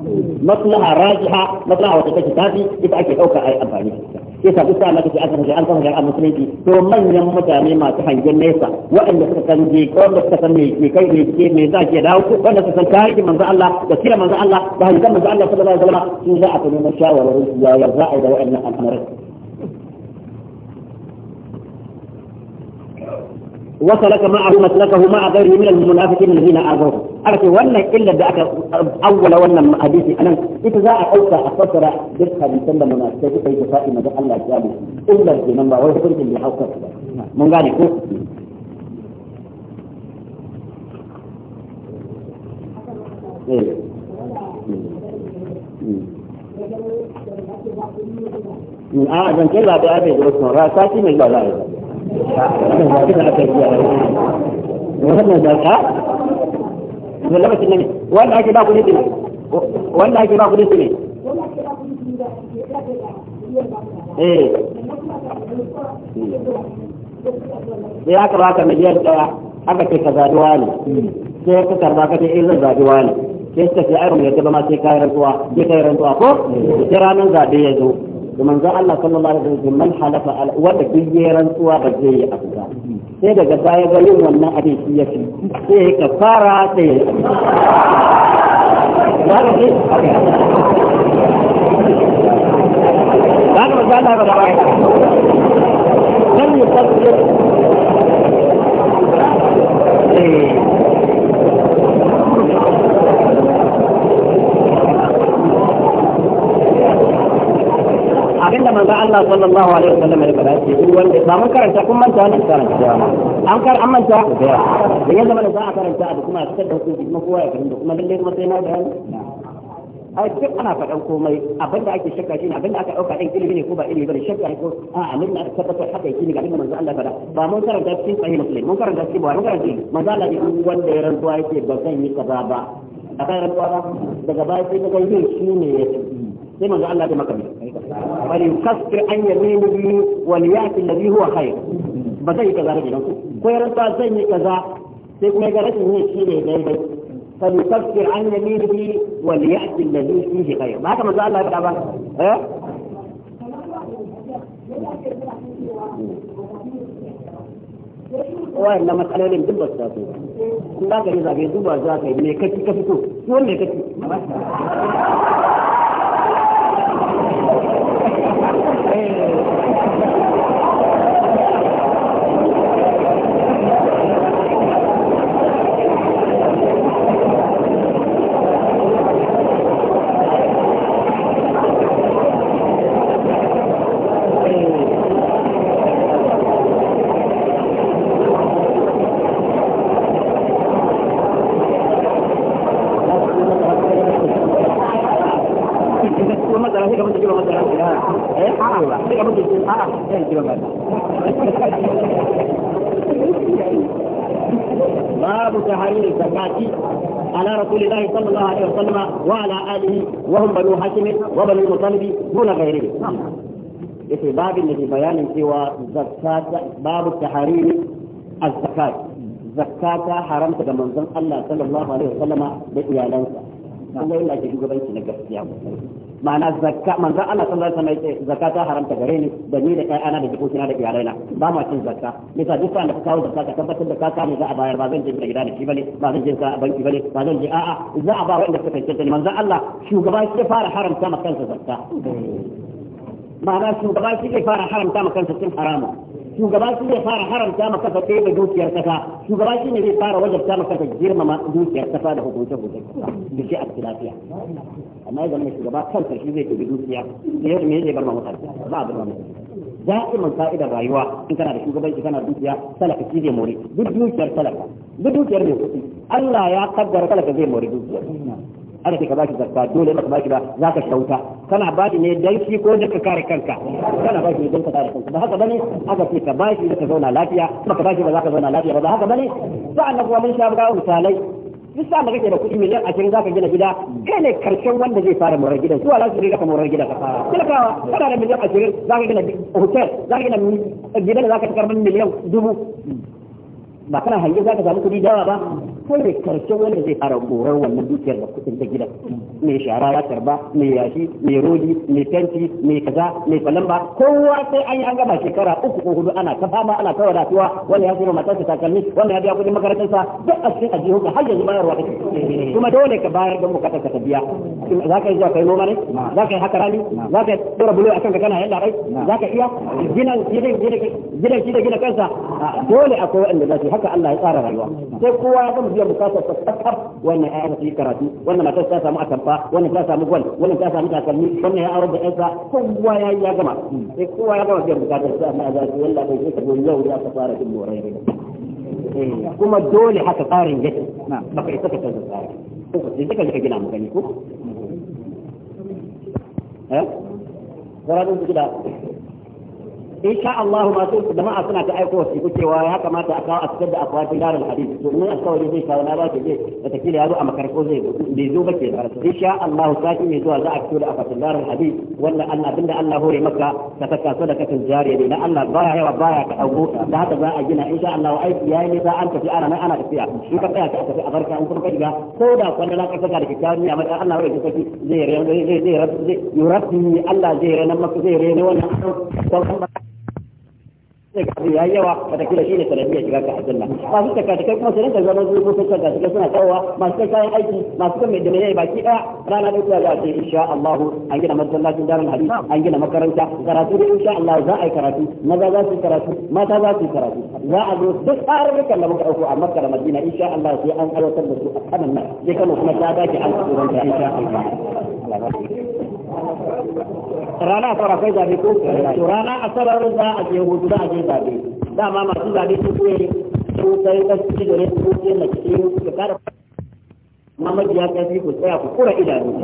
مصلحة راجحة مصلحة ɗauka ki tafi ita ake ɗauka a yi amfani da ita sai sa duk sa'an kace aka fashe an kafa shari'a musulunci to manyan mutane masu hangen nesa waɗanda suka san je wanda suka san me kai me ke me za ke dawo wanda suka san tarihi manzo Allah da sirrin manzo Allah da hadisan manzo Allah sallallahu alaihi wasallam su za a tuno shawarwarin ya yarda da waɗannan al'amuran وصلك ما عظمت لكه مع غيره من المنافقين الذين اعذروا أنا في ولا إلا بأك أول ولا حديثي أنا إذا ذا أوسع أفسر بسها من سنة من أشياء في جفاء ما ذا الله جالي إلا في نمبا ويقول اللي حوصة من غاني كو آه جنكي لا بأبي جلوس نورا من بلاي wannan da ka ne lokacin ne wanda ake ba ku ne wanda ake ba ku ne eh sai aka baka miliyan daya aka ce ka zaduwa ne sai ka karba ka ce irin zaduwa ne sai ka ce ai mun yadda ba ma sai ka yi rantuwa sai ka yi rantuwa ko sai ranar zabe ya zo da manzon Allah sallallahu alaihi wasallam man halafa ala wanda duk yayin rantsuwa ba zai yi abu ba sai daga baya ga yin wannan abin shi yafi sai ya kafara sai ya ba ga shi ba ga zalla ga ba kan yi tafsir eh manzo Allah sallallahu alaihi wasallam ya faɗa ce duk wanda ba mun karanta kun manta wannan karanta an kar an manta da yawa da yanzu mana za a karanta a kuma a cikin hukunci kuma kowa ya karanta kuma lalle kuma sai na bayani ai duk ana faɗan komai abin da ake shakka shine abin da aka ɗauka ɗin ilimi ne ko ba ilimi bane shakka ko a amin na tabbatar haka yake ne ga ilmin manzo Allah fada ba mun karanta cikin sahih muslim mun karanta cikin ba mun karanta manzo Allah ne wanda ya rantsuwa yake ba zan yi kaza ba akan rantsuwa daga baya sai ka ga yin shi ne ya sai manzo Allah ya maka ne فليكسر عن يمينه وليأتي الذي هو خير بزي كذا رجل كوير انت زي كذا سيك ما يجرس من يشيله زي بي فليكسر عن يمينه وليأتي الذي فيه خير ما هكذا ما زال الله يبقى بقى وين لما تعلم لهم دبا الساتو لا تجد أبي دبا الساتو ميكتي كفتو ميكتي؟ Amen. وهم بنو هاشم وبنو المطلب دون غيرهم في باب الذي بيان سوى زكاة باب التحريم الزكاة زكاة حرمت من الله صلى الله عليه وسلم بإيالانسا kuma yana ke shugabanci na gaskiya ma'ana zakka manzo Allah sallallahu alaihi wasallam yake zakka ta haramta gare ni da ni da kai ana da jikokina da iyalaina ba ma cin zakka ne ka duk sanda ka kawo zakka ka tabbatar da ka kame za a bayar ba zan je gida da kibale bane ba zan je ka banki bane ba zan je a'a za a ba wanda suka cancanta ni manzo Allah shugaba shi fara haramta ma kansa zakka ma'ana shugaba shi fara haramta ma kansa cin harama shugaba shi ne fara haramta maka ka kai da dukiyar kasa shugaba shi ne zai fara wajabta maka ka girmama dukiyar kasa da hukunce hukunce kasa da shi a lafiya amma ya zama shugaba kansa shi zai tafi dukiya da yadda me zai bar ma mutane ba abin da da'iman ka'idar rayuwa in kana da shugabanci kana dukiya talaka shi zai more duk dukiyar talaka duk dukiyar mai kuɗi Allah ya kaddara talaka zai more dukiyar aka ce ka baki zakka dole ba ka baki ba zaka ka kyauta kana baki ne dan shi ko da ka kare kanka kana baki ne dan ka kare kanka ba haka bane aka ce ka baki da ka zauna lafiya ba ka baki ba zaka zauna lafiya ba haka bane sa'annan kuma mun sha ga misalai Bisa sa kake da kuɗi miliyan ashirin za ka gina gida kai ne karshen wanda zai fara murar gidan zuwa za su riga ka morar gida ka fara talakawa kana da miliyan ashirin za ka gina hotel zaka gina gidan da zaka ka miliyan dubu ba kana hange zaka ka samu kuɗi yawa ba kawai karshe wanda zai fara korar wannan dukiyar da kudin ta gidan mai shara ya karba mai yashi mai rodi mai tanti mai kaza mai falamba kowa sai an yi an gaba shekara uku ko hudu ana ta fama ana ta wadatuwa wanda ya sayo matarsa takalmi wanda ya biya kudin makarantarsa duk a cikin ajiyar ka har yanzu bayarwa kake kuma dole ka bayar don bukatar ka ta biya za ka yi zuwa kai noma ne za ka yi haka rani za ka dora bulo kan ka kana yadda rai za ka iya gidan gidan gidan gidan shi da gina kansa dole akwai wanda za su haka Allah ya tsara rayuwa sai kowa ya zama biyan bukatar ta tsakar wannan ya aka yi karatu wannan matar ta samu atamfa wannan ta samu gwal wannan ta samu takalmi wannan ya aure da yansa kowa ya ya gama sai kowa ya gama biyan bukatar sa amma za su yalla bai sai yau za ka fara bin morai kuma dole haka tsarin yake baka isa ka canza tsari ko ka sai ka gina mu gani ko eh zarabin gida insha Allah masu jama'a suna ta aiko wasiku cewa ya kamata a kawo a fitar da akwatin darul hadith to ni alƙawari zai kawo na ba ke zai watakila ya zo a makarko zai bai zo ba ke da insha Allah sati mai zuwa za a fito da akwatin darul hadith wannan Allah abinda Allah hore maka ka saka so da katin jariya ne na Allah baya yawa baya ka dauko da haka za a gina insha Allah aiki yayi ne za an tafi ana nan ana tafiya in ka tsaya ka tafi a barka in kuma ka diga ko da kwandala ka saka da kitabu ne amma Allah hore ka saki zai zai zai zai yurafi Allah zai rena maka zai rena wannan sai ka ya yawa watakila shi ne sanadiyar shiga ka aljanna masu taka kai kuma sai ka zama zuwa musu taka kai suna kawowa masu kai kayan aiki masu kan mai da mai baki daya rana da kuwa za a ce insha Allah an gina masallacin darul hadith an gina makaranta karatu da insha Allah za a yi karatu maza za su yi karatu mata za su yi karatu za a zo duk tsarurrukan da muka dauko a Makka da Madina insha Allah sai an aiwatar da su a kanan nan sai kuma ta dace an tsoron ta insha Allah rana fara kai zabe ko to rana asar za a je hutu za a je zabe dama masu zabe su ne su sai kasu gare su ko ke na cikin su kada Muhammad ya ta ku tsaya ku kura idanu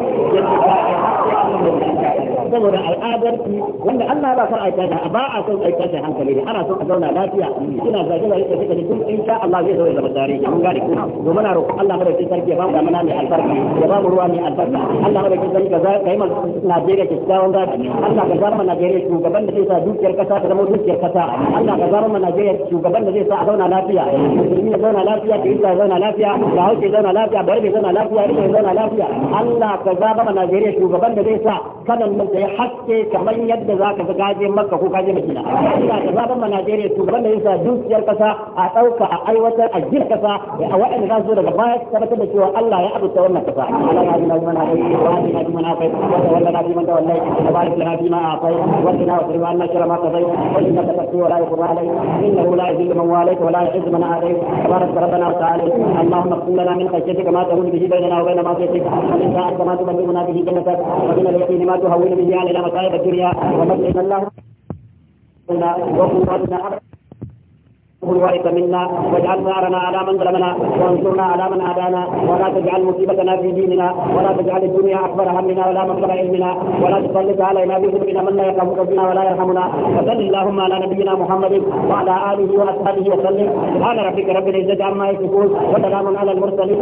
saboda al'adar ki wanda Allah ba son aika da ba a son aika da hankali ne ana son a zauna lafiya kina zage da ka kika kun in sha Allah zai zo ya zama tare kun gane ko to muna roƙon Allah ba da sarki ya ba mu damana mai albarka ya ba mu ruwa mai albarka Allah ba da sarki ka kai mu Najeriya ki tsawon gadi Allah ka zama Najeriya shugaban da zai sa dukiyar kasa ta zama dukiyar kasa Allah ka zama Najeriya shugaban da zai sa a zauna lafiya musulmi ya zauna lafiya kirista ya zauna lafiya ga hauke zauna lafiya bari zauna lafiya ina zauna lafiya Allah ka zaba mana Najeriya shugaban da zai sa kanan mun ya haske kamar yadda zaka ga gaje Makka ko gaje Madina Allah ka zaba mana Najeriya shugaban da zai sa dukiyar kasa a dauka a aiwatar a jin kasa a wa'anda za su daga baya su tabbatar da cewa Allah ya abuta wannan kasa Allah ya zama mana da wani na kuma na kai wanda wanda na bi manta wallahi da barik lana bi ma akai wanda na wasiri wannan kira ma kai wanda na tafi wa la yuqba alai innahu la yuzillu man walayka wa la yuzillu man adayka tabarak rabbana wa ta'ala اللهم اغفر لنا من خشيتك ما تهون به بيننا وبين ما معصيتك ومن ساعتك ما تبلغنا به جنتك ومن اليقين ما تهون به على مصائب الدنيا ومتعنا الله وقوتنا أبدا الوارث منا واجعل نارنا على من ظلمنا وانصرنا على من عادانا ولا تجعل مصيبتنا في ديننا ولا تجعل الدنيا اكبر همنا ولا مبلغ علمنا ولا تسلط علينا بذنوبنا من لا يرحمك ربنا ولا يرحمنا وصل اللهم على نبينا محمد وعلى اله واصحابه وسلم سبحان ربك رب العزه عما يصفون وسلام على المرسلين